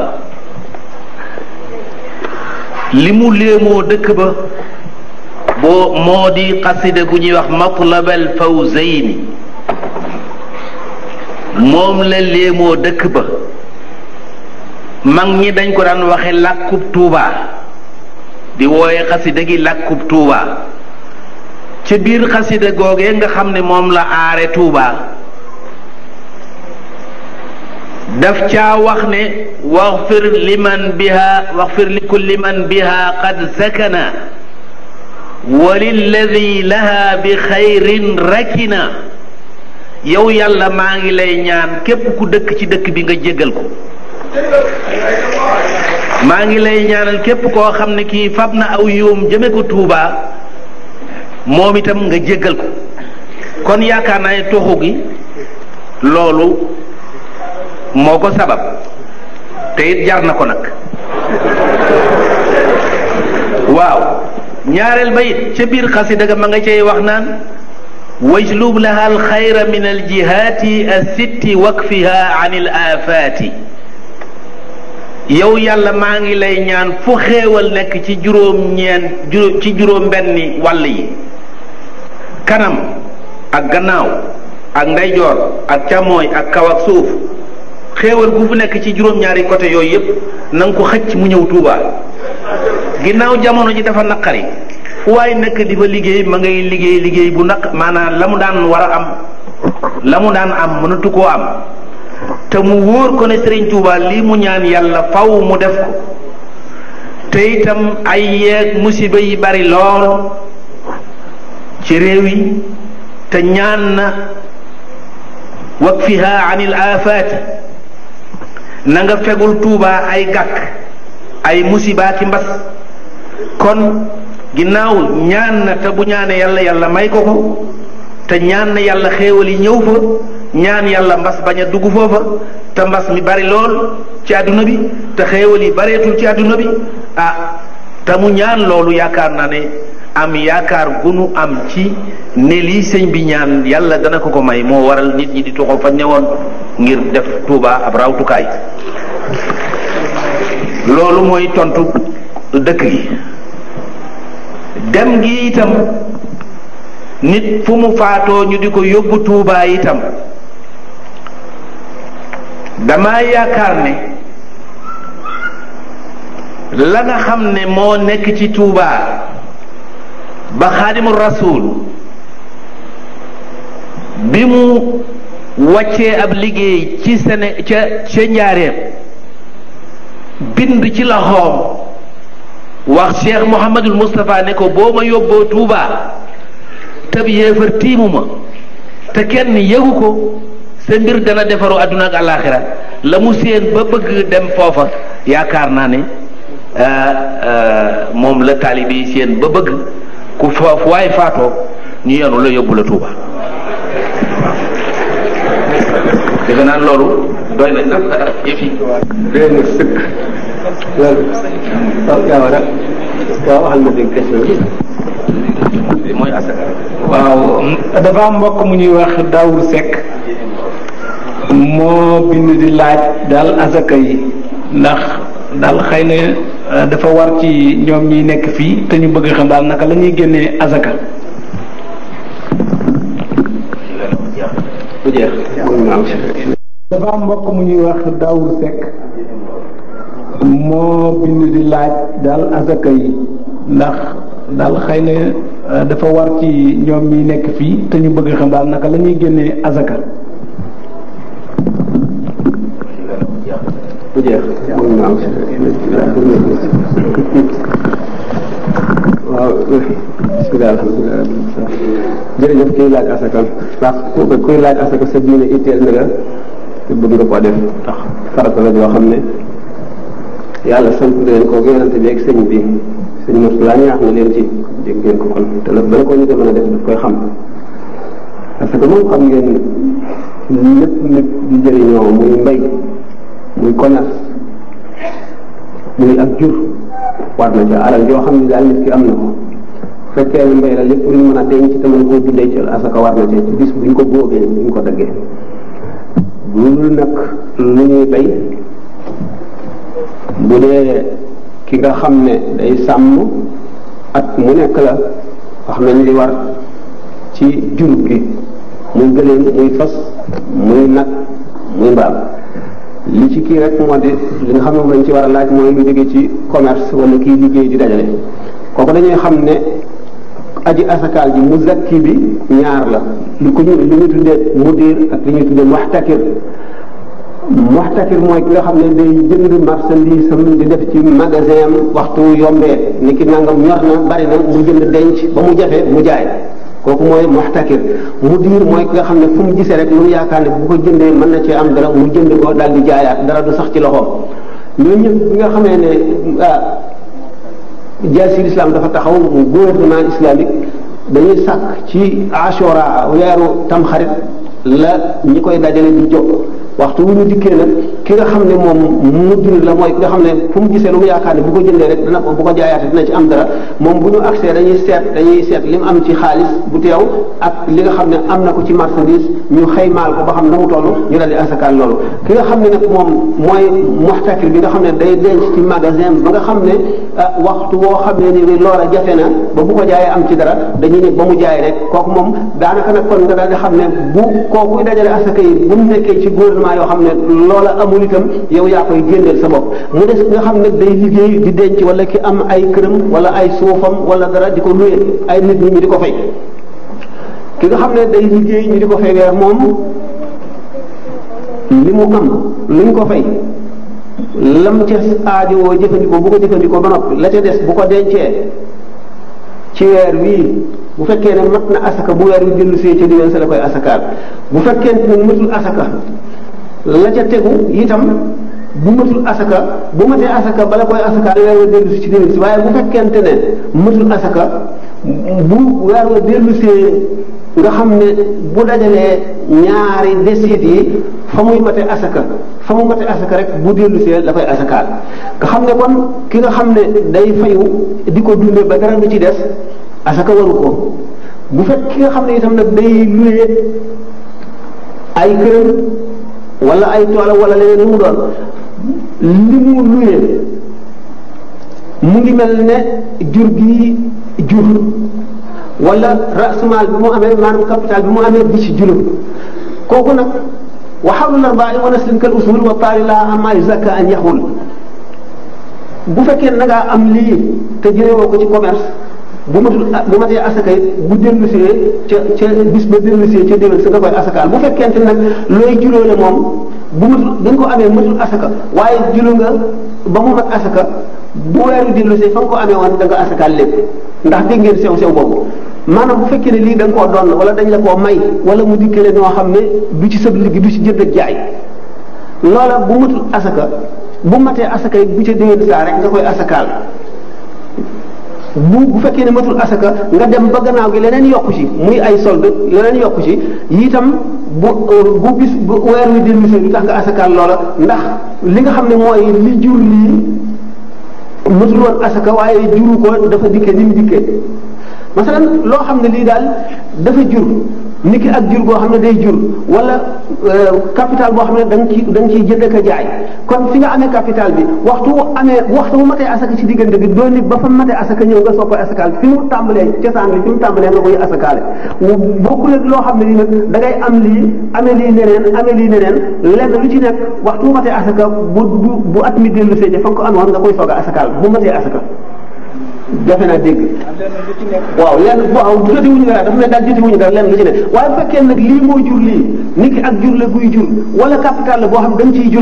li mu léemoo dëkk ba boo moo di xasida gu ñuy wax matlabal fawzayni moom la léemoo dëkk ba mag ñi dañ ko daan waxe làkkub tuubaa di wooye xasida gi làkkub tuubaa ca biir xasida googee nga xam ne moom la aare tuubaa daf caa wax ne waxfir liman biha waxfir li kulli man biha qad sakana walilladi laha bi xayrin rakina yow yàlla maa ngi lay ñaan képp ku dëkk ci dëkk bi nga jégal ko maa ngi lay ñaanal képp koo xam ne kii fab na aw yoom jëme ko tuubaa moom itam nga jégal ko kon yaakaar naa toxu gi loolu moo ko sabab te it na ko nag waaw ñaareel ba it ca biir xasida ga ma nga cay wax naan wajlub laha alxayra min aljihaati assitti wakfiha an il aafaati yow yàlla maa ngi lay ñaan fu xéewal nekk ci juróom ñeen ci juróom benni wàll yi kanam ak gannaaw ak ndeyjoor ak càmmooñ ak kaw ak suuf xéewal gu bu nekk ci juróom-ñaari côté yooyu yëpp na nga ko xëcc mu ñëw Touba ginnaaw jamono ji dafa naqari fu waay nekk di fa liggéey ma ngay liggéey liggéey bu naq maanaam la mu daan war a am la mu daan am mënatu koo am te mu wóor ko ne Serigne Touba lii mu ñaan yàlla faw mu def ko te itam ay yeeg musiba yi bari lool ci réew yi te ñaan na wakfiha an il aafaati nanga nga fegul tuubaa ay gàkk ay musibaa ki mbas kon ginnaawul ñaan na te bu ñaane yàlla yàlla may ko ko te ñaan na yàlla xéewal yi ñëw fa ñaan yàlla mbas bañ a dugg foofa te mbas mi bari lool ci àdduna bi te xéewal yi bareetul ci àdduna bi ah te mu ñaan loolu yaakaar naa ne am yaakaar gunu am ci ne lii sëñ bi ñaan yàlla dana ko ko may moo waral nit ñi di tuxoo fa ñëwoon ngir def tuuba ab rawtukaay loolu mooy tontu dëkk gi dem gi itam nit fu mu faatoo ñu di ko yóbbu tuubaa itam dama yaakaar ne la nga xam ne moo nekk ci tuubaa ba xaadimu rasul bi mu wàccee ab liggéey ci sene ca ca njaareem bind ci loxoom wax cheikh Mouhamadul Moustapha ne ko boo ma yóbboo Touba tëb yéefar tiimu te kenn yëgu ko sa mbir dana defaru àdduna ak àllaaxira la mu seen ba bëgg dem foofa yaakaar naa ne euh, euh, moom la taalibe yi ba bëgg ku foofu waaye faatoo ñu yenu la yóbbu la Touba dafa mbokk mu ñuy wax Daawur Seck moo bind di laaj daal asaka yi ndax daal xëy na Euh, dafa war ci ñoom ñiy nekk fii te ñu bëgg xam daal naka lañuy ñuy génnee azaka. dafa am mbokk mu ñuy wax Daawul Sekk moo bind di laaj daal azaka yi ndax daal xëy na euh, dafa war ci ñoom ñiy nekk fii te ñu bëgg xam daal naka lañuy ñuy génnee azaka. bu jeex mën na am waaw bismillah alhamdulilah rabbil jërëjëf kuy laaj asaka ndax kuy la te bëgg nga koo def ndax yoo xam ne yàlla sant leen ko yonent bi ak sëñ bi sëñ Moussa ñaax na leen ci dégg bala ko ñu mën a def daf koy xam parce que xam ngeen lépp nit di jëriñoo muy muy commerce muy ak jur war na ca alal joo xam ne daal nit ki am na ko fekkee ne mbay la lépp lu ñu mën a denc ci tamit koo dundee ci asaka war na ca bis buñ ko góobee buñ ko daggee loolu nag lu ñuy bay bu dee ki nga xam ne day sàmm ak mu nekk la wax nañ li war ci jur gi muy gëléem muy fas muy nag muy mbaam li ci kii rek moo di li nga xam ne moom lañ ci war a laaj mooy lu jóge ci commerce wala kii liggéey di dajale kooku dañuy xam ne aji asakaal ji muzakki bi ñaar la li ko ñu li ñu tuddee mudir ak li ñu tuddee muxtakir mooy ki nga xam ne day jënd marchandise am di def ci magasin am waxtu yombee ni ki nangam ñor na bari na mu jënd denc ba mu jafe mu jaay kooku mooy mu mudir mooy ki nga xam ne fu mu gisee rek lu mu yaakaar ne bu ko jëndee mën na cee am dara mu jënd ko daal di jaayaat dara du sax ci loxoom ñooñu ñëpp bi nga xamee ne ah jaasir islam dafa taxaw gouvernement islamique dañuy sàkk ci ashora weeru tamxarit la ñi koy dajale di jóg waxtu wu ñu dikkee nag ki nga xam ne moom muddir la mooy ki nga xam ne fu mu gisee lu mu yaakaar ne bu ko jëndee rek dina ko bu ko jaayaatee li mu ak li nga xam ne am na ko ci marchandise ñu xëymaal ko ba xam na mu toll ñu daal di ki nga xam ne nag moom mooy muxtakir bi nga xam ne day denc ci magasin ba nga xam ne ah, waxtu woo xam ne na ba bu ko jaayee am ci ne ba mu jaay rek kooku moom daanaka nag kon nga daal di xam ne bu nekkee ci gouvernement yoo xam ne loola amul loolu itam yow yaa koy génneel sa bopp mu des nga xam nag day liggéey di denc wala ki am ay këram wala ay suufam wala dara di ko luye ay nit ñi ñu di ko fay ki nga xam ne day liggéey ñu di ko fay weer moom li mu am luñ ko fay lam ca aajowoo jëfandikoo bu ko jëfandikoo ba noppi la ca des bu ko dencee ci weer wii bu fekkee ne mat na asaka bu weer wi dellu see ca diwén sa la koy asakaal bu fekkee ne matul asaka la ca tegu itam bu matul asaka bu matee asaka bala koy asaka weer wa dellu si ci déwén si waaye bu fekkente ne matul asaka bu weer wa dellu nga xam ne bu dajalee ñaari desit yi fa muy mate asaka fa mu mate asaka rek bu dellu la koy asakaal nga xam ne kon ki nga xam ne day fayu di ko dundee ba dara du ci des asaka waru ko bu fekk ki nga xam ne itam nag day luyee ay këram wala ay toolam wala leneen lu li mu luyee mu ngi mel ne jur gi jur wala rasmal bi mu amee maanaam capital bi mu amee bi ci juróom kooku nag wa xawlu larbaai wa naslin kal usul wa taari laa amma yuzakka an yaxul bu fekkee na ngaa am lii te jëlee ko ci commerce bu matul bu matee asaka it bu dellusee ca ca bis ba dellusee ca déwén sa nga koy asakaal bu fekkente nag looy juróo la moom bu matul da nga ko waaye juróo nga ba mu mat asaka bu weeru dellusee fa nga ko amee woon da nga asakaal ndax dégg ngeen sew sew boobu maanaam bu fekkee ne lii da nga koo doon wala dañ la koo may wala mu dikkale noo xam ne du ci sab liggéey du ci jënd ak jaay loola bu matul asaka bu matee asaka it bu ca déwén saa rek nga koy asakaal bu bu fekkee ne matul asaka nga dem ba gannaaw gi leneen yokku ci muy ay solde leneen yokku ci itam bu bu bis bu weer wi dellusee du tax nga asakaal loola ndax li nga xam ne mooy li jur lii matul woon asaka waaye juru ko dafa dikke ni mu dikkee masalan loo xam ne lii daal dafa jur ki ak jur goo xam ne day jur wala euh, capital boo xam ne da nga ciy da nga ciy jënd ak jaay kon fi nga amee capital bi waxtu amee waxtu bu matee asaka ci diggante bi doo nit ba fa matee asaka ñëw fi mu tàmbalee nga koy asakaale bokkul ak loo xam ne nii nag da ngay am lii amee lii neneen amee lii neneen lenn lu ci nekk waxtu bu matee asaka bu at mi dellu see fa nga koy soog asakaal bu matee asaka. jafe naa dégg waaw lenn waaw jotewuñu dara dafa ne daal jotewuñu dara lenn lu ci ne waaye bu fekkee nag lii moo jur lii nit ki ak jur la guy jur wala capital la boo xam da nga ciy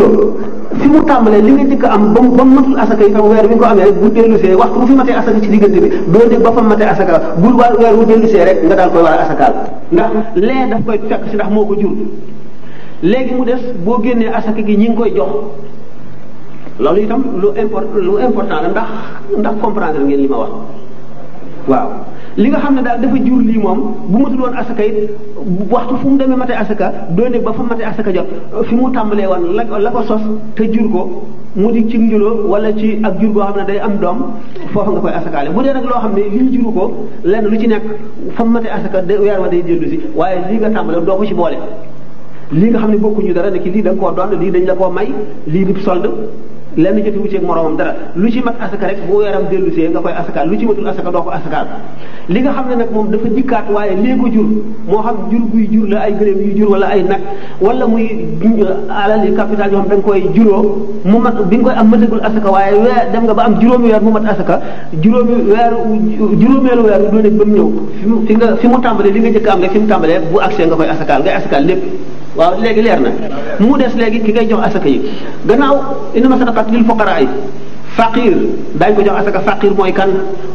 fi mu tàmbalee li nga njëkk am ba mu ba mu matul asaka yi tam weer bi nga ko amee rek bu dellusee waxtu bu fi matee asaka ci diggante bi doo dégg ba fa matee asaka bu wa weer wu dellusee rek nga daal koy war a asakaal ndax lee daf koy fekk si ndax moo ko jur léegi mu des boo génnee asaka gi ñi ngi koy jox loolu itam lu import lu important la ndax ndax comprendre ngeen li ma wax waaw li nga xam ne daal dafa jur lii moom bu matul woon asaka it waxtu fu mu demee mate asaka doone ba fa mate asaka jot fi mu tàmbalee woon la ko la jur ko mu di ci njuloo wala ci ak jur goo xam ne day am doom foofa nga koy asakaale bu dee nag loo xam ne li juru ko len lu ci nekk fa mu mate asaka de weer wa day jëllu si waaye lii nga tàmbalee doo ko ci boole lii nga xam ne bokkuñu dara ne ki lii da koo doon lii dañ la koo may lii di solde lenn jotiwu ci ak moroomam dara lu ci mat asaka rek bu weeram dellu nga koy asakaal lu ci matul asaka doo ko asakaal li nga xam ne nag moom dafa dikkaat waaye lée ko jur moo xam jur guy jur la ay gëléem yu jur wala ay nag wala muy alal yi capital yoo xam nga koy juróo mu mat bi nga koy am waaye weer dem nga ba am juróomi weer mu mat asaka juróomi weer juróomeelu weer wu doone ba ñëw fi fi nga fi mu tàmbalee li nga jëkk am rek fi mu tàmbalee bu accès nga koy asakaal ngay asakaal lépp waaw léegi leer na mu des léegi ki ngay jox asaka yi gannaaw innama sadaqat lil fuqara yi faqir dañ ko jox asaka faqir mooy kan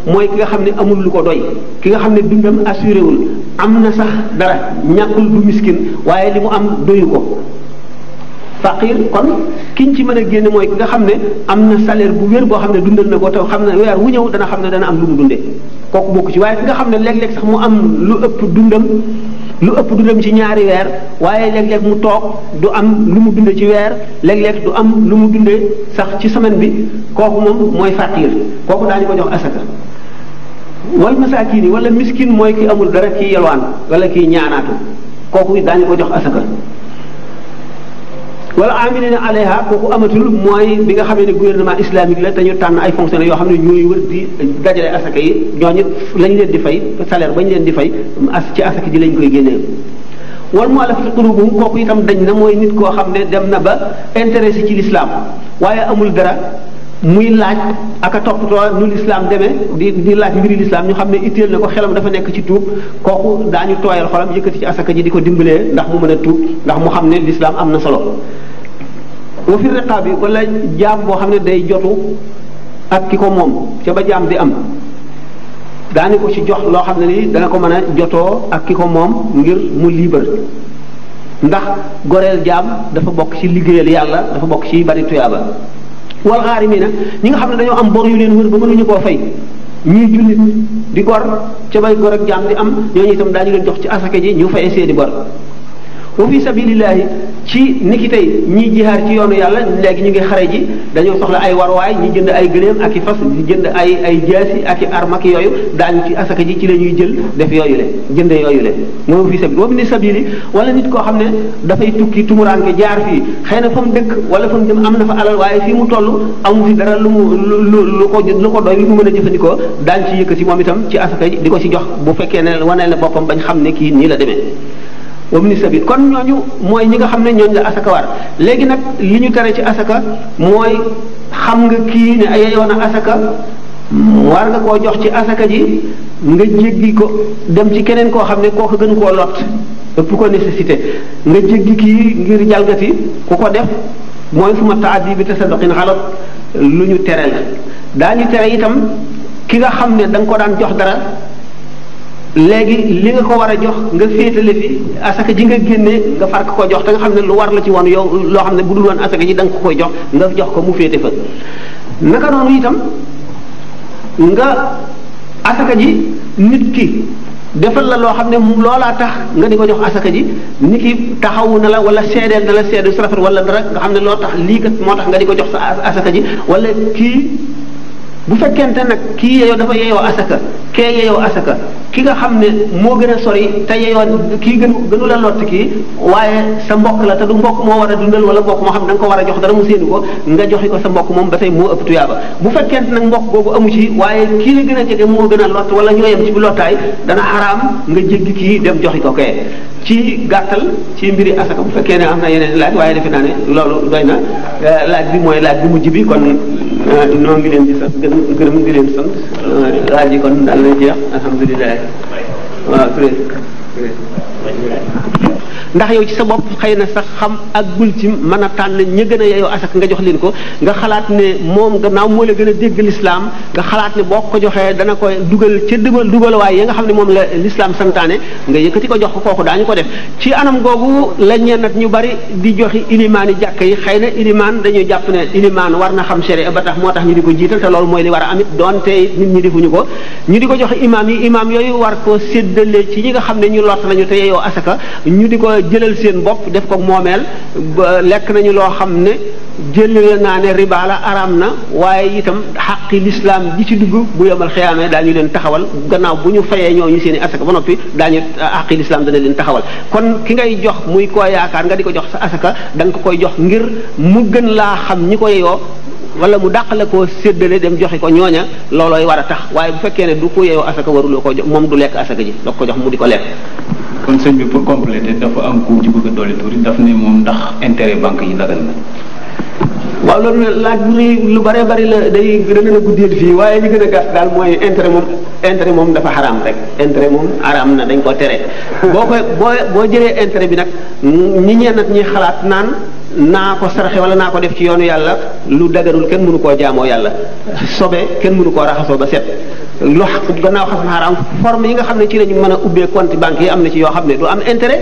mooy ki nga xam ne amul lu ko doy ki nga xam ne dundam assuré wul am na sax dara ñàkkul du miskin waaye li mu am doyu ko faqir kon kiñ ci mën a génne mooy ki nga xam ne am na salaire bu wér boo xam ne dundal na ko te xam ne weer wu ñëw dana xam ne dana am lu mu dundee kooku bokk ci waaye ki nga xam ne léeg-léeg sax mu am lu ëpp dundam lu ëpp du dem ci ñaari weer waaye léeg-léeg mu toog du am lu mu dunde ci weer léeg-léeg du am lu mu dunde sax ci semaine bi kooku moom mooy fàttiir kooku daañu ko jox asaka wal masaakiin yi wala miskin mooy ki amul dara kii yelwaan wala kii ñaanaatu kooku daañu ko jox asaka wala aminina alayha kooku amatul mooy bi nga xamee ne gouvernement islamique la te ñu tànn ay fonctionnaires yoo xam ne ñooy wër di dajale asaka yi ñooñu lañ leen di fay salaire bañ leen di fay as ci asaka ji lañ koy génnee wal mu'allafati qulubuhum kooku itam dañ na mooy nit koo xam ne dem na ba intéressé ci l'islam waaye amul dara muy laaj ak a toppatoo nu lislaam demee di di laaj mbiri lislaam ñu xam ne itteel na ko xelam dafa nekk ci tuub kooku daañu tooyal xolam yëkkati ci asaka ji di ko dimbalee ndax mu mën a tuub ndax mu xam ne lislaam am na solo wa fi riqaab yi jaam boo xam ne day jotu ak ki ko moom ca ba jaam di am daani ko ci jox loo xam ne ni dana ko mën a jotoo ak ki ko moom ngir mu liibar ndax goreel jaam dafa bokk ci liggéeyal yàlla dafa bokk ci bari tuyaaba wal xaarimiina ñi nga xam ne dañoo am bor yu leen wër ba mënuñu koo fay ñuy jullit di gor ca bay gor jaam di am ñu ñooñu itam daañu leen jox ci asaka ji ñu fay seeni bor wa fi sabilillahi ci niki tey ñi jihaar ci yoonu yàlla léegi ñu ngi xare ji dañoo soxla ay warwaay ñi jënd ay gëléem ak i fas ñi jënd ay ay jaasi ak i arm ak yooyu daañu ci asaka ji ci la ñuy jël def yooyu le jënde yooyu le mooy wa fi sabil wala nit koo xam ne dafay tukki tumuranke jaar fii xëy na fa mu dëkk wala fa mu jëm am na fa alal waaye fii mu toll amu fi dara lu mu lu lu ko lu ko doy lu mu mën a jëfandikoo daal ci yëkkati moom itam ci asaka ji di ko ci jox bu fekkee ne waneel ne boppam bañ xam ne kii nii la demee wabni bi kon ñooñu mooy ñi nga xam ne ñooñu la asaka war léegi nag li ñu tere ci asaka mooy xam nga kii ne ayeyoon a asaka war nga koo jox ci asaka ji nga jéggi ko dem ci keneen koo xam ne koo ko gën koo lot ëpp ko nécessité nga jéggi kii ngir jalgati ku ko def mooy suma taaddi bi tasadduqin xalat lu ñu tere la daañu tere itam ki nga xam ne danga ko daan jox dara léegi li nga ko war a jox nga féetale fi asaka ji nga génnee nga far ko jox te nga xam ne lu war la ci woon yow loo xam ne bu dul woon asaka ji ko koy jox nga jox ko mu féete fa naka noonu itam nga asaka ji nit ki defal la loo xam ne loolaa tax nga di ko jox asaka ji nit ki taxawu na la wala seedeel na la seede su rafet wala dara nga xam ne loo tax lii kat moo tax nga di ko jox sa asaka ji wala kii bu fekkente nag kii yeyoo dafa yeyoo asaka kee yeyoo asaka ki nga xam ne moo gën a sori te yeyoo kii gënu gënu la lott kii waaye sa mbokk la te du mbokk moo war a dundal wala mbokk moo xam da ko war a jox dara mu ko nga joxi ko sa mbokk moom ba tey moo bu fekkente nag mbokk boobu amu ci waaye kii la gën a jege moo gën a lott wala ñoo yem ci bi lottaay dana araam nga jéggi kii dem joxi ko kee ci gàttal ci mbiri asaka bu fekkee ne am na yeneen laaj waaye defe naa ne loolu doy na eh, laaj bi mooy laaj bi mujj bi kon Euh, noo ngi leen di sant gën gërëm di leen sant laaj euh, yi kon daal lay jeex alhamdulilah waaw ndax yow ci sa bopp xëy na sax xam ak gul ci mën a tànn ña gën a yeyoo asak nga jox leen ko nga xalaat ne moom gannaaw moo la gën a dégg lislaam nga xalaat ne boo ko joxee dana ko dugal ca dugal dugal waaye ya nga xam ne moom la lislaam santaane nga yëkkati ko jox ko kooku daañu ko def ci anam googu la ñeenat ñu bari di joxi ilimaan yi jàkk yi xëy na ilimaan dañuy jàpp ne ilimaan war na xam séré ba tax moo tax ñu di ko jiital te loolu mooy li war a amit donte nit ñi defuñu ko ñu di ko jox imaam yi imaam yooyu war ko séddale ci ñi nga xam ne ñu lott lañu te yeyoo asaka ñu jëlal seen bopp def ko moomeel lekk nañu loo xam ne jëlale naa ne ribaala la araam na waaye itam xaqi lislaam ji ci dugg bu yomal xiyaamee daañu leen taxawal gannaaw bu ñu fayee ñooñu seen i asaka ba noppi daañu ah, xaqi lislaam dana leen taxawal kon ki ngay jox muy koo yaakaar nga di ko jox sa asaka da nga ko koy jox ngir mu gën laa xam ñi ko yeyoo wala mu dàq la koo séddale dem joxe ko ñooña loolooy war a tax waaye bu fekkee ne du ko yeyoo asaka waruloo ko jox moom du lekk asaka ji doo ko jox mu di ko lekk kon sëñ bi pour compléter dafa am ku ci bëgg a dolli tuuti daf ne moom ndax intérêt banque yi dagal na. waaw loolu laaj bu rëy lu bëree bëri la day gën a guddeel fii waaye li gën a gàtt daal mooy intérêt moom intérêt moom dafa xaraam rek intérêt moom xaraam na dañ ko tere boo koy boo boo jëlee intérêt bi nag ñi ñeen nag ñi xalaat naan naa ko saraxe wala naa ko def ci yoonu yàlla lu daganul kenn mënu koo jaamoo yàlla sobe kenn mënu koo raxasoo ba set lu gannaaw xas na xaraam forme yi nga xam ne ci lañu mën a ubbee compte banque yi am na ci yoo xam ne du am intérêt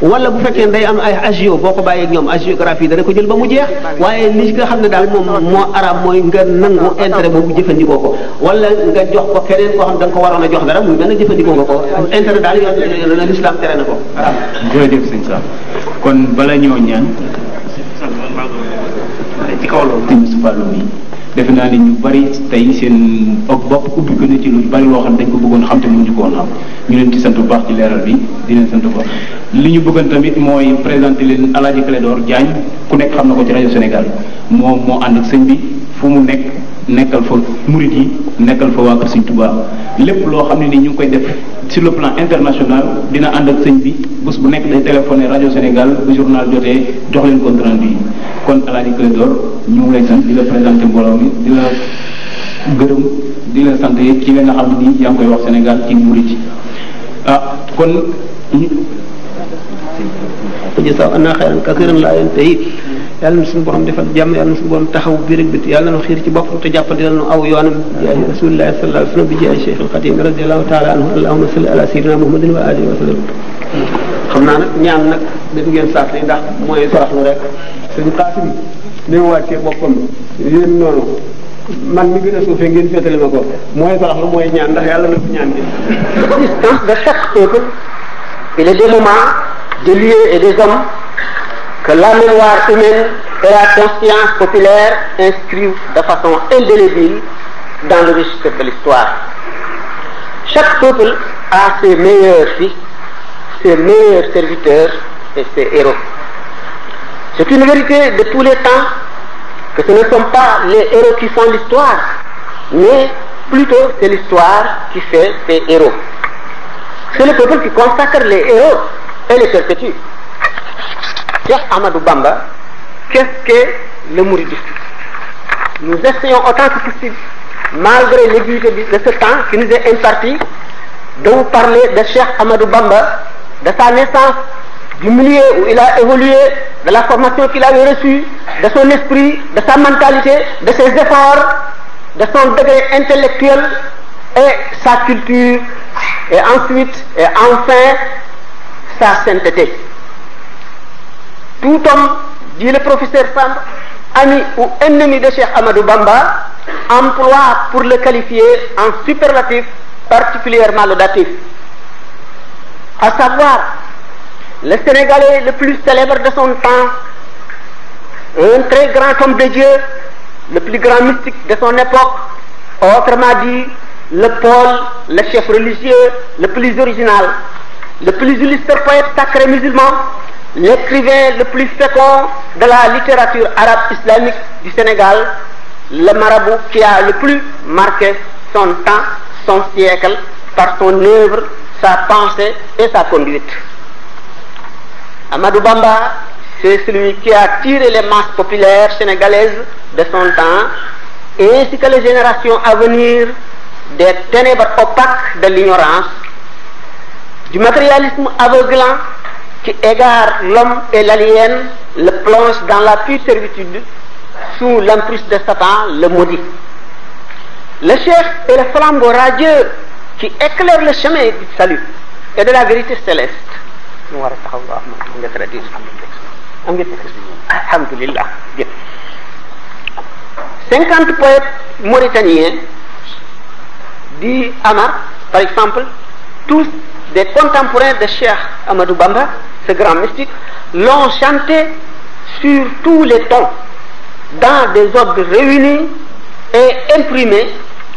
wala bu fekkee ne am ay agio boo ko bàyyee ak ñoom agiographie dana ko jël ba mu jeex waaye li nga xam ne daal moom moo araam mooy nga nangu intérêt boobu jëfandikoo ko wala nga jox ko keneen koo xam da nga ko waroon a jox dara muy mel ne jëfandikoo nga ko intérêt daal yoon na lislaam tere na ko araam jërëjëf sëñ Sam kon bala ñoo ñaan ci kaw loolu defe naa ne ñu bari tey seen ok bopp ubbi gën a ci lu bari loo xam dañ ko bëggoon xam te mënuñu ko woon xam ñu leen ci sant bu baax ci leeral bi di leen sant li ñu bëggoon tamit mooy présenter leen El Hadj Clédor Diagne ku nekk xam na ko ci rajo Sénégal moom moo ànd ak sëñ bi fu mu nekk nekkal fa murit yi nekkal fa waa Kër Sëñ lépp loo xam ne ni ñu ngi koy def si le plan international dina ànd ak sëñ bi bés bu nekk day téléphoné rajo Sénégal bu journal jotee jox leen kon rendu yi kon El Hadj Clédor ñu ngi lay sant di la présenté mbooloo mi di la gërëm di ci li nga xam ni yaa ngi koy wax Sénégal ci ah kon jazaa anna xayran kasiran laa yéen tey yàlla na suñu borom defal jàmm yàlla na suñu borom taxaw biir ak bit yàlla na xiir ci boppam te jàppandilal nu aw yoonam bi jaay rasulillahi sallallahu alayhi wa sallam bi jaay cheikh alxadim radiallahu rek suñu xaasim ne wàccee boppam yéen noonu man mi gën a suufee ngeen féetale ma ko mooy baax lu mooy ñaan ndax yàlla na ko ñaan de. de fait écoute il est des moments des lieux et des hommes que la mémoire humaine et la conscience populaire inscrivent de façon indélébile dans le registre de l'histoire chaque peuple a ses meilleurs fils ses meilleurs serviteurs et ses héros C'est une vérité de tous les temps que ce ne sont pas les héros qui font l'histoire, mais plutôt c'est l'histoire qui fait C'est le peuple qui consacre les héros et les perpétue. Cheikh Amadou Bamba, qu'est-ce que le mouridisme Nous essayons autant que possible, malgré l'aiguïté de ce temps qui nous est imparti, de vous parler de Cheikh Amadou Bamba, de sa naissance, du milieu où il a évolué, de la formation qu'il avait reçue, de son esprit, de sa mentalité, de ses efforts, de son degré intellectuel et sa culture, et ensuite enfin sa sainteté. Tout homme, dit le professeur Sam, ami ou ennemi de Cheikh Amadou Bamba, emploie pour le qualifier en superlatif particulièrement laudatif. À savoir le Sénégalais le plus célèbre de son temps, un très grand homme de Dieu, le plus grand mystique de son époque, autrement dit, le pôle, le chef religieux, le plus original, le plus illustre poète sacré musulman, l'écrivain le plus fécond de la littérature arabe islamique du Sénégal, le marabout qui a le plus marqué son temps, son siècle, par son œuvre, sa pensée et sa conduite. Amadou Bamba, c'est celui qui a attiré les masses populaires sénégalaises de son temps, ainsi que les générations à venir des ténèbres opaques de l'ignorance, du matérialisme aveuglant qui égare l'homme et l'alien, le plonge dans la pure servitude sous l'emprise de Satan, le maudit. Le chef est le flambeau radieux qui éclaire le chemin du salut et de la vérité céleste. mu war a taxaw cinquante poètes mauritaniens di Amar par exemple tous des contemporains de Cheikh Amadou Bamba ce grand mystique l'ont chanté sur tous les tons dans des ordres réunis et imprimés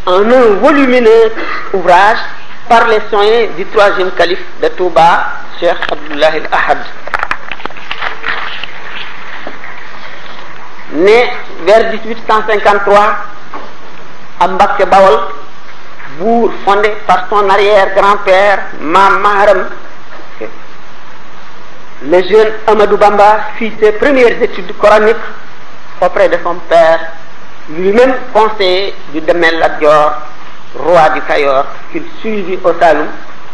un volumineux ouvrage par les soins du troisième calife de Touba cheikh abdullahi ahad ne vers dix huit cent am Mbàkke Bawol bourg fondé par son arrière grand-père Maam Maharam le jeune Amadou Bamba fit ses premières études coraniques auprès de son père lui-même conseiller du Damel Lat Dior roi du Cayor qu'il suivit au Saloum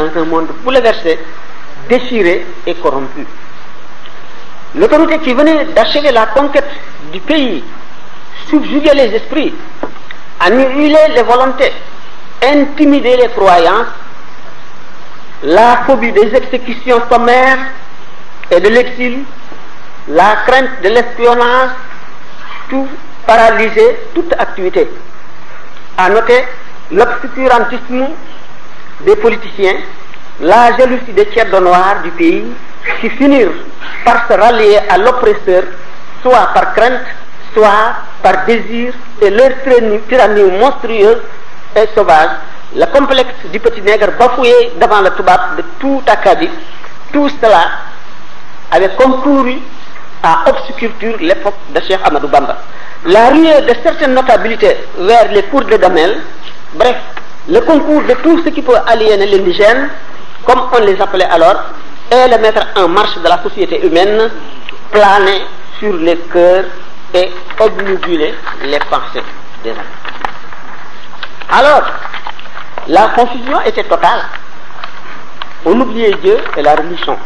dans un monde bouleversé, déchiré et corrompu. L'autorité qui venait d'achever la conquête du pays subjuguer les esprits, annihiler les volontés, intimider les croyances, la phobie des exécutions sommaires et de l'exil, la crainte de l'espionnage, tout paralysait toute activité. À noter l'obscurantisme des politiciens, la jalousie des tiers noirs du pays qui finirent par se rallier à l'oppresseur, soit par crainte, soit par désir, et leur tyrannie monstrueuse et sauvage, le complexe du petit nègre bafoué devant le toubab de tout Acadie, tout cela avait concouru à obscurcir l'époque de Cheikh Amadou Bamba. La ruée de certaines notabilités vers les cours de Damel, bref, le concours de tout ce qui peut aliéner l'indigène, comme on les appelait alors, et le mettre en marche de la société humaine, planer sur les cœurs et obnubiler les pensées des hommes. Alors, la confusion était totale. On oubliait Dieu et la religion.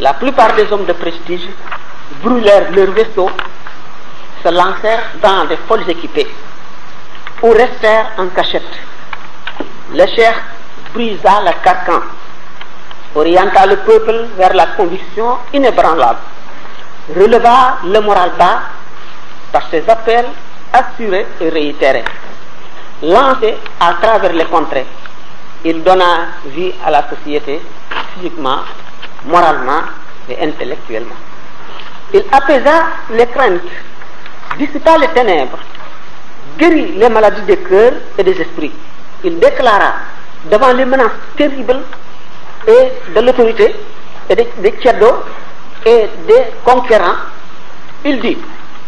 La plupart des hommes de prestige brûlèrent leurs vaisseaux, se lancèrent dans des folles équipées ou restèrent en cachette le cheikh brisa le carcan, orienta le peuple vers la conviction inébranlable, releva le moral bas par ses appels assurés et réitérés. Lancé à travers les contrées, il donna vie à la société physiquement, moralement et intellectuellement. Il apaisa les craintes, dissipa les ténèbres, guérit les maladies des cœurs et des esprits. il déclara devant les menaces terribles et de l'autorité et des, des et des conquérants, il dit,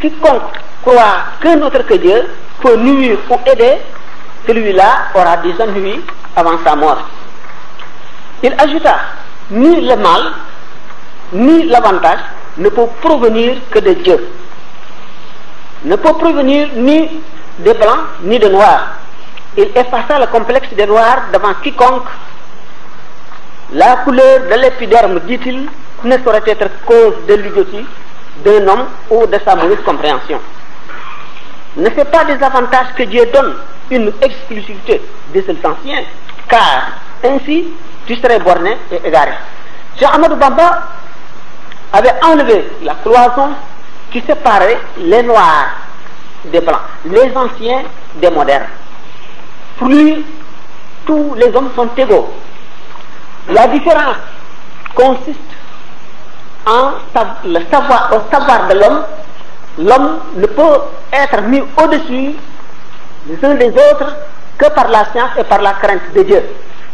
quiconque croit qu'un autre que Dieu peut nuire ou aider, celui-là aura des ennuis avant sa mort. Il ajouta, ni le mal, ni l'avantage ne peut provenir que de Dieu. Ne peut provenir ni des blancs, ni de noirs. il effaça le complexe des noirs devant quiconque. La couleur de l'épiderme, dit-il, ne saurait être cause de l'idiotie d'un homme ou de sa mauvaise compréhension. Ne c'est pas des avantages que Dieu donne une exclusivité des seuls anciens, car ainsi tu serais borné et égaré. Cheikh Ahmadou Bamba avait enlevé la cloison qui séparait les noirs des blancs, les anciens des modernes. Pour tous les hommes sont égaux. La différence consiste en savoir, de l'homme. L'homme ne peut être mis au-dessus les uns des autres que par la science et par la crainte de Dieu.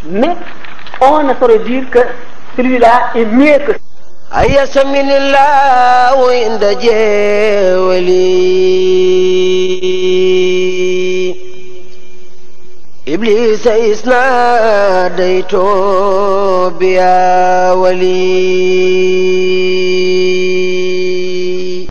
Mais on ne saurait dire que celui-là est mieux que أيسمن الله عند جولي ibliis isnaadaytoo biyaa wali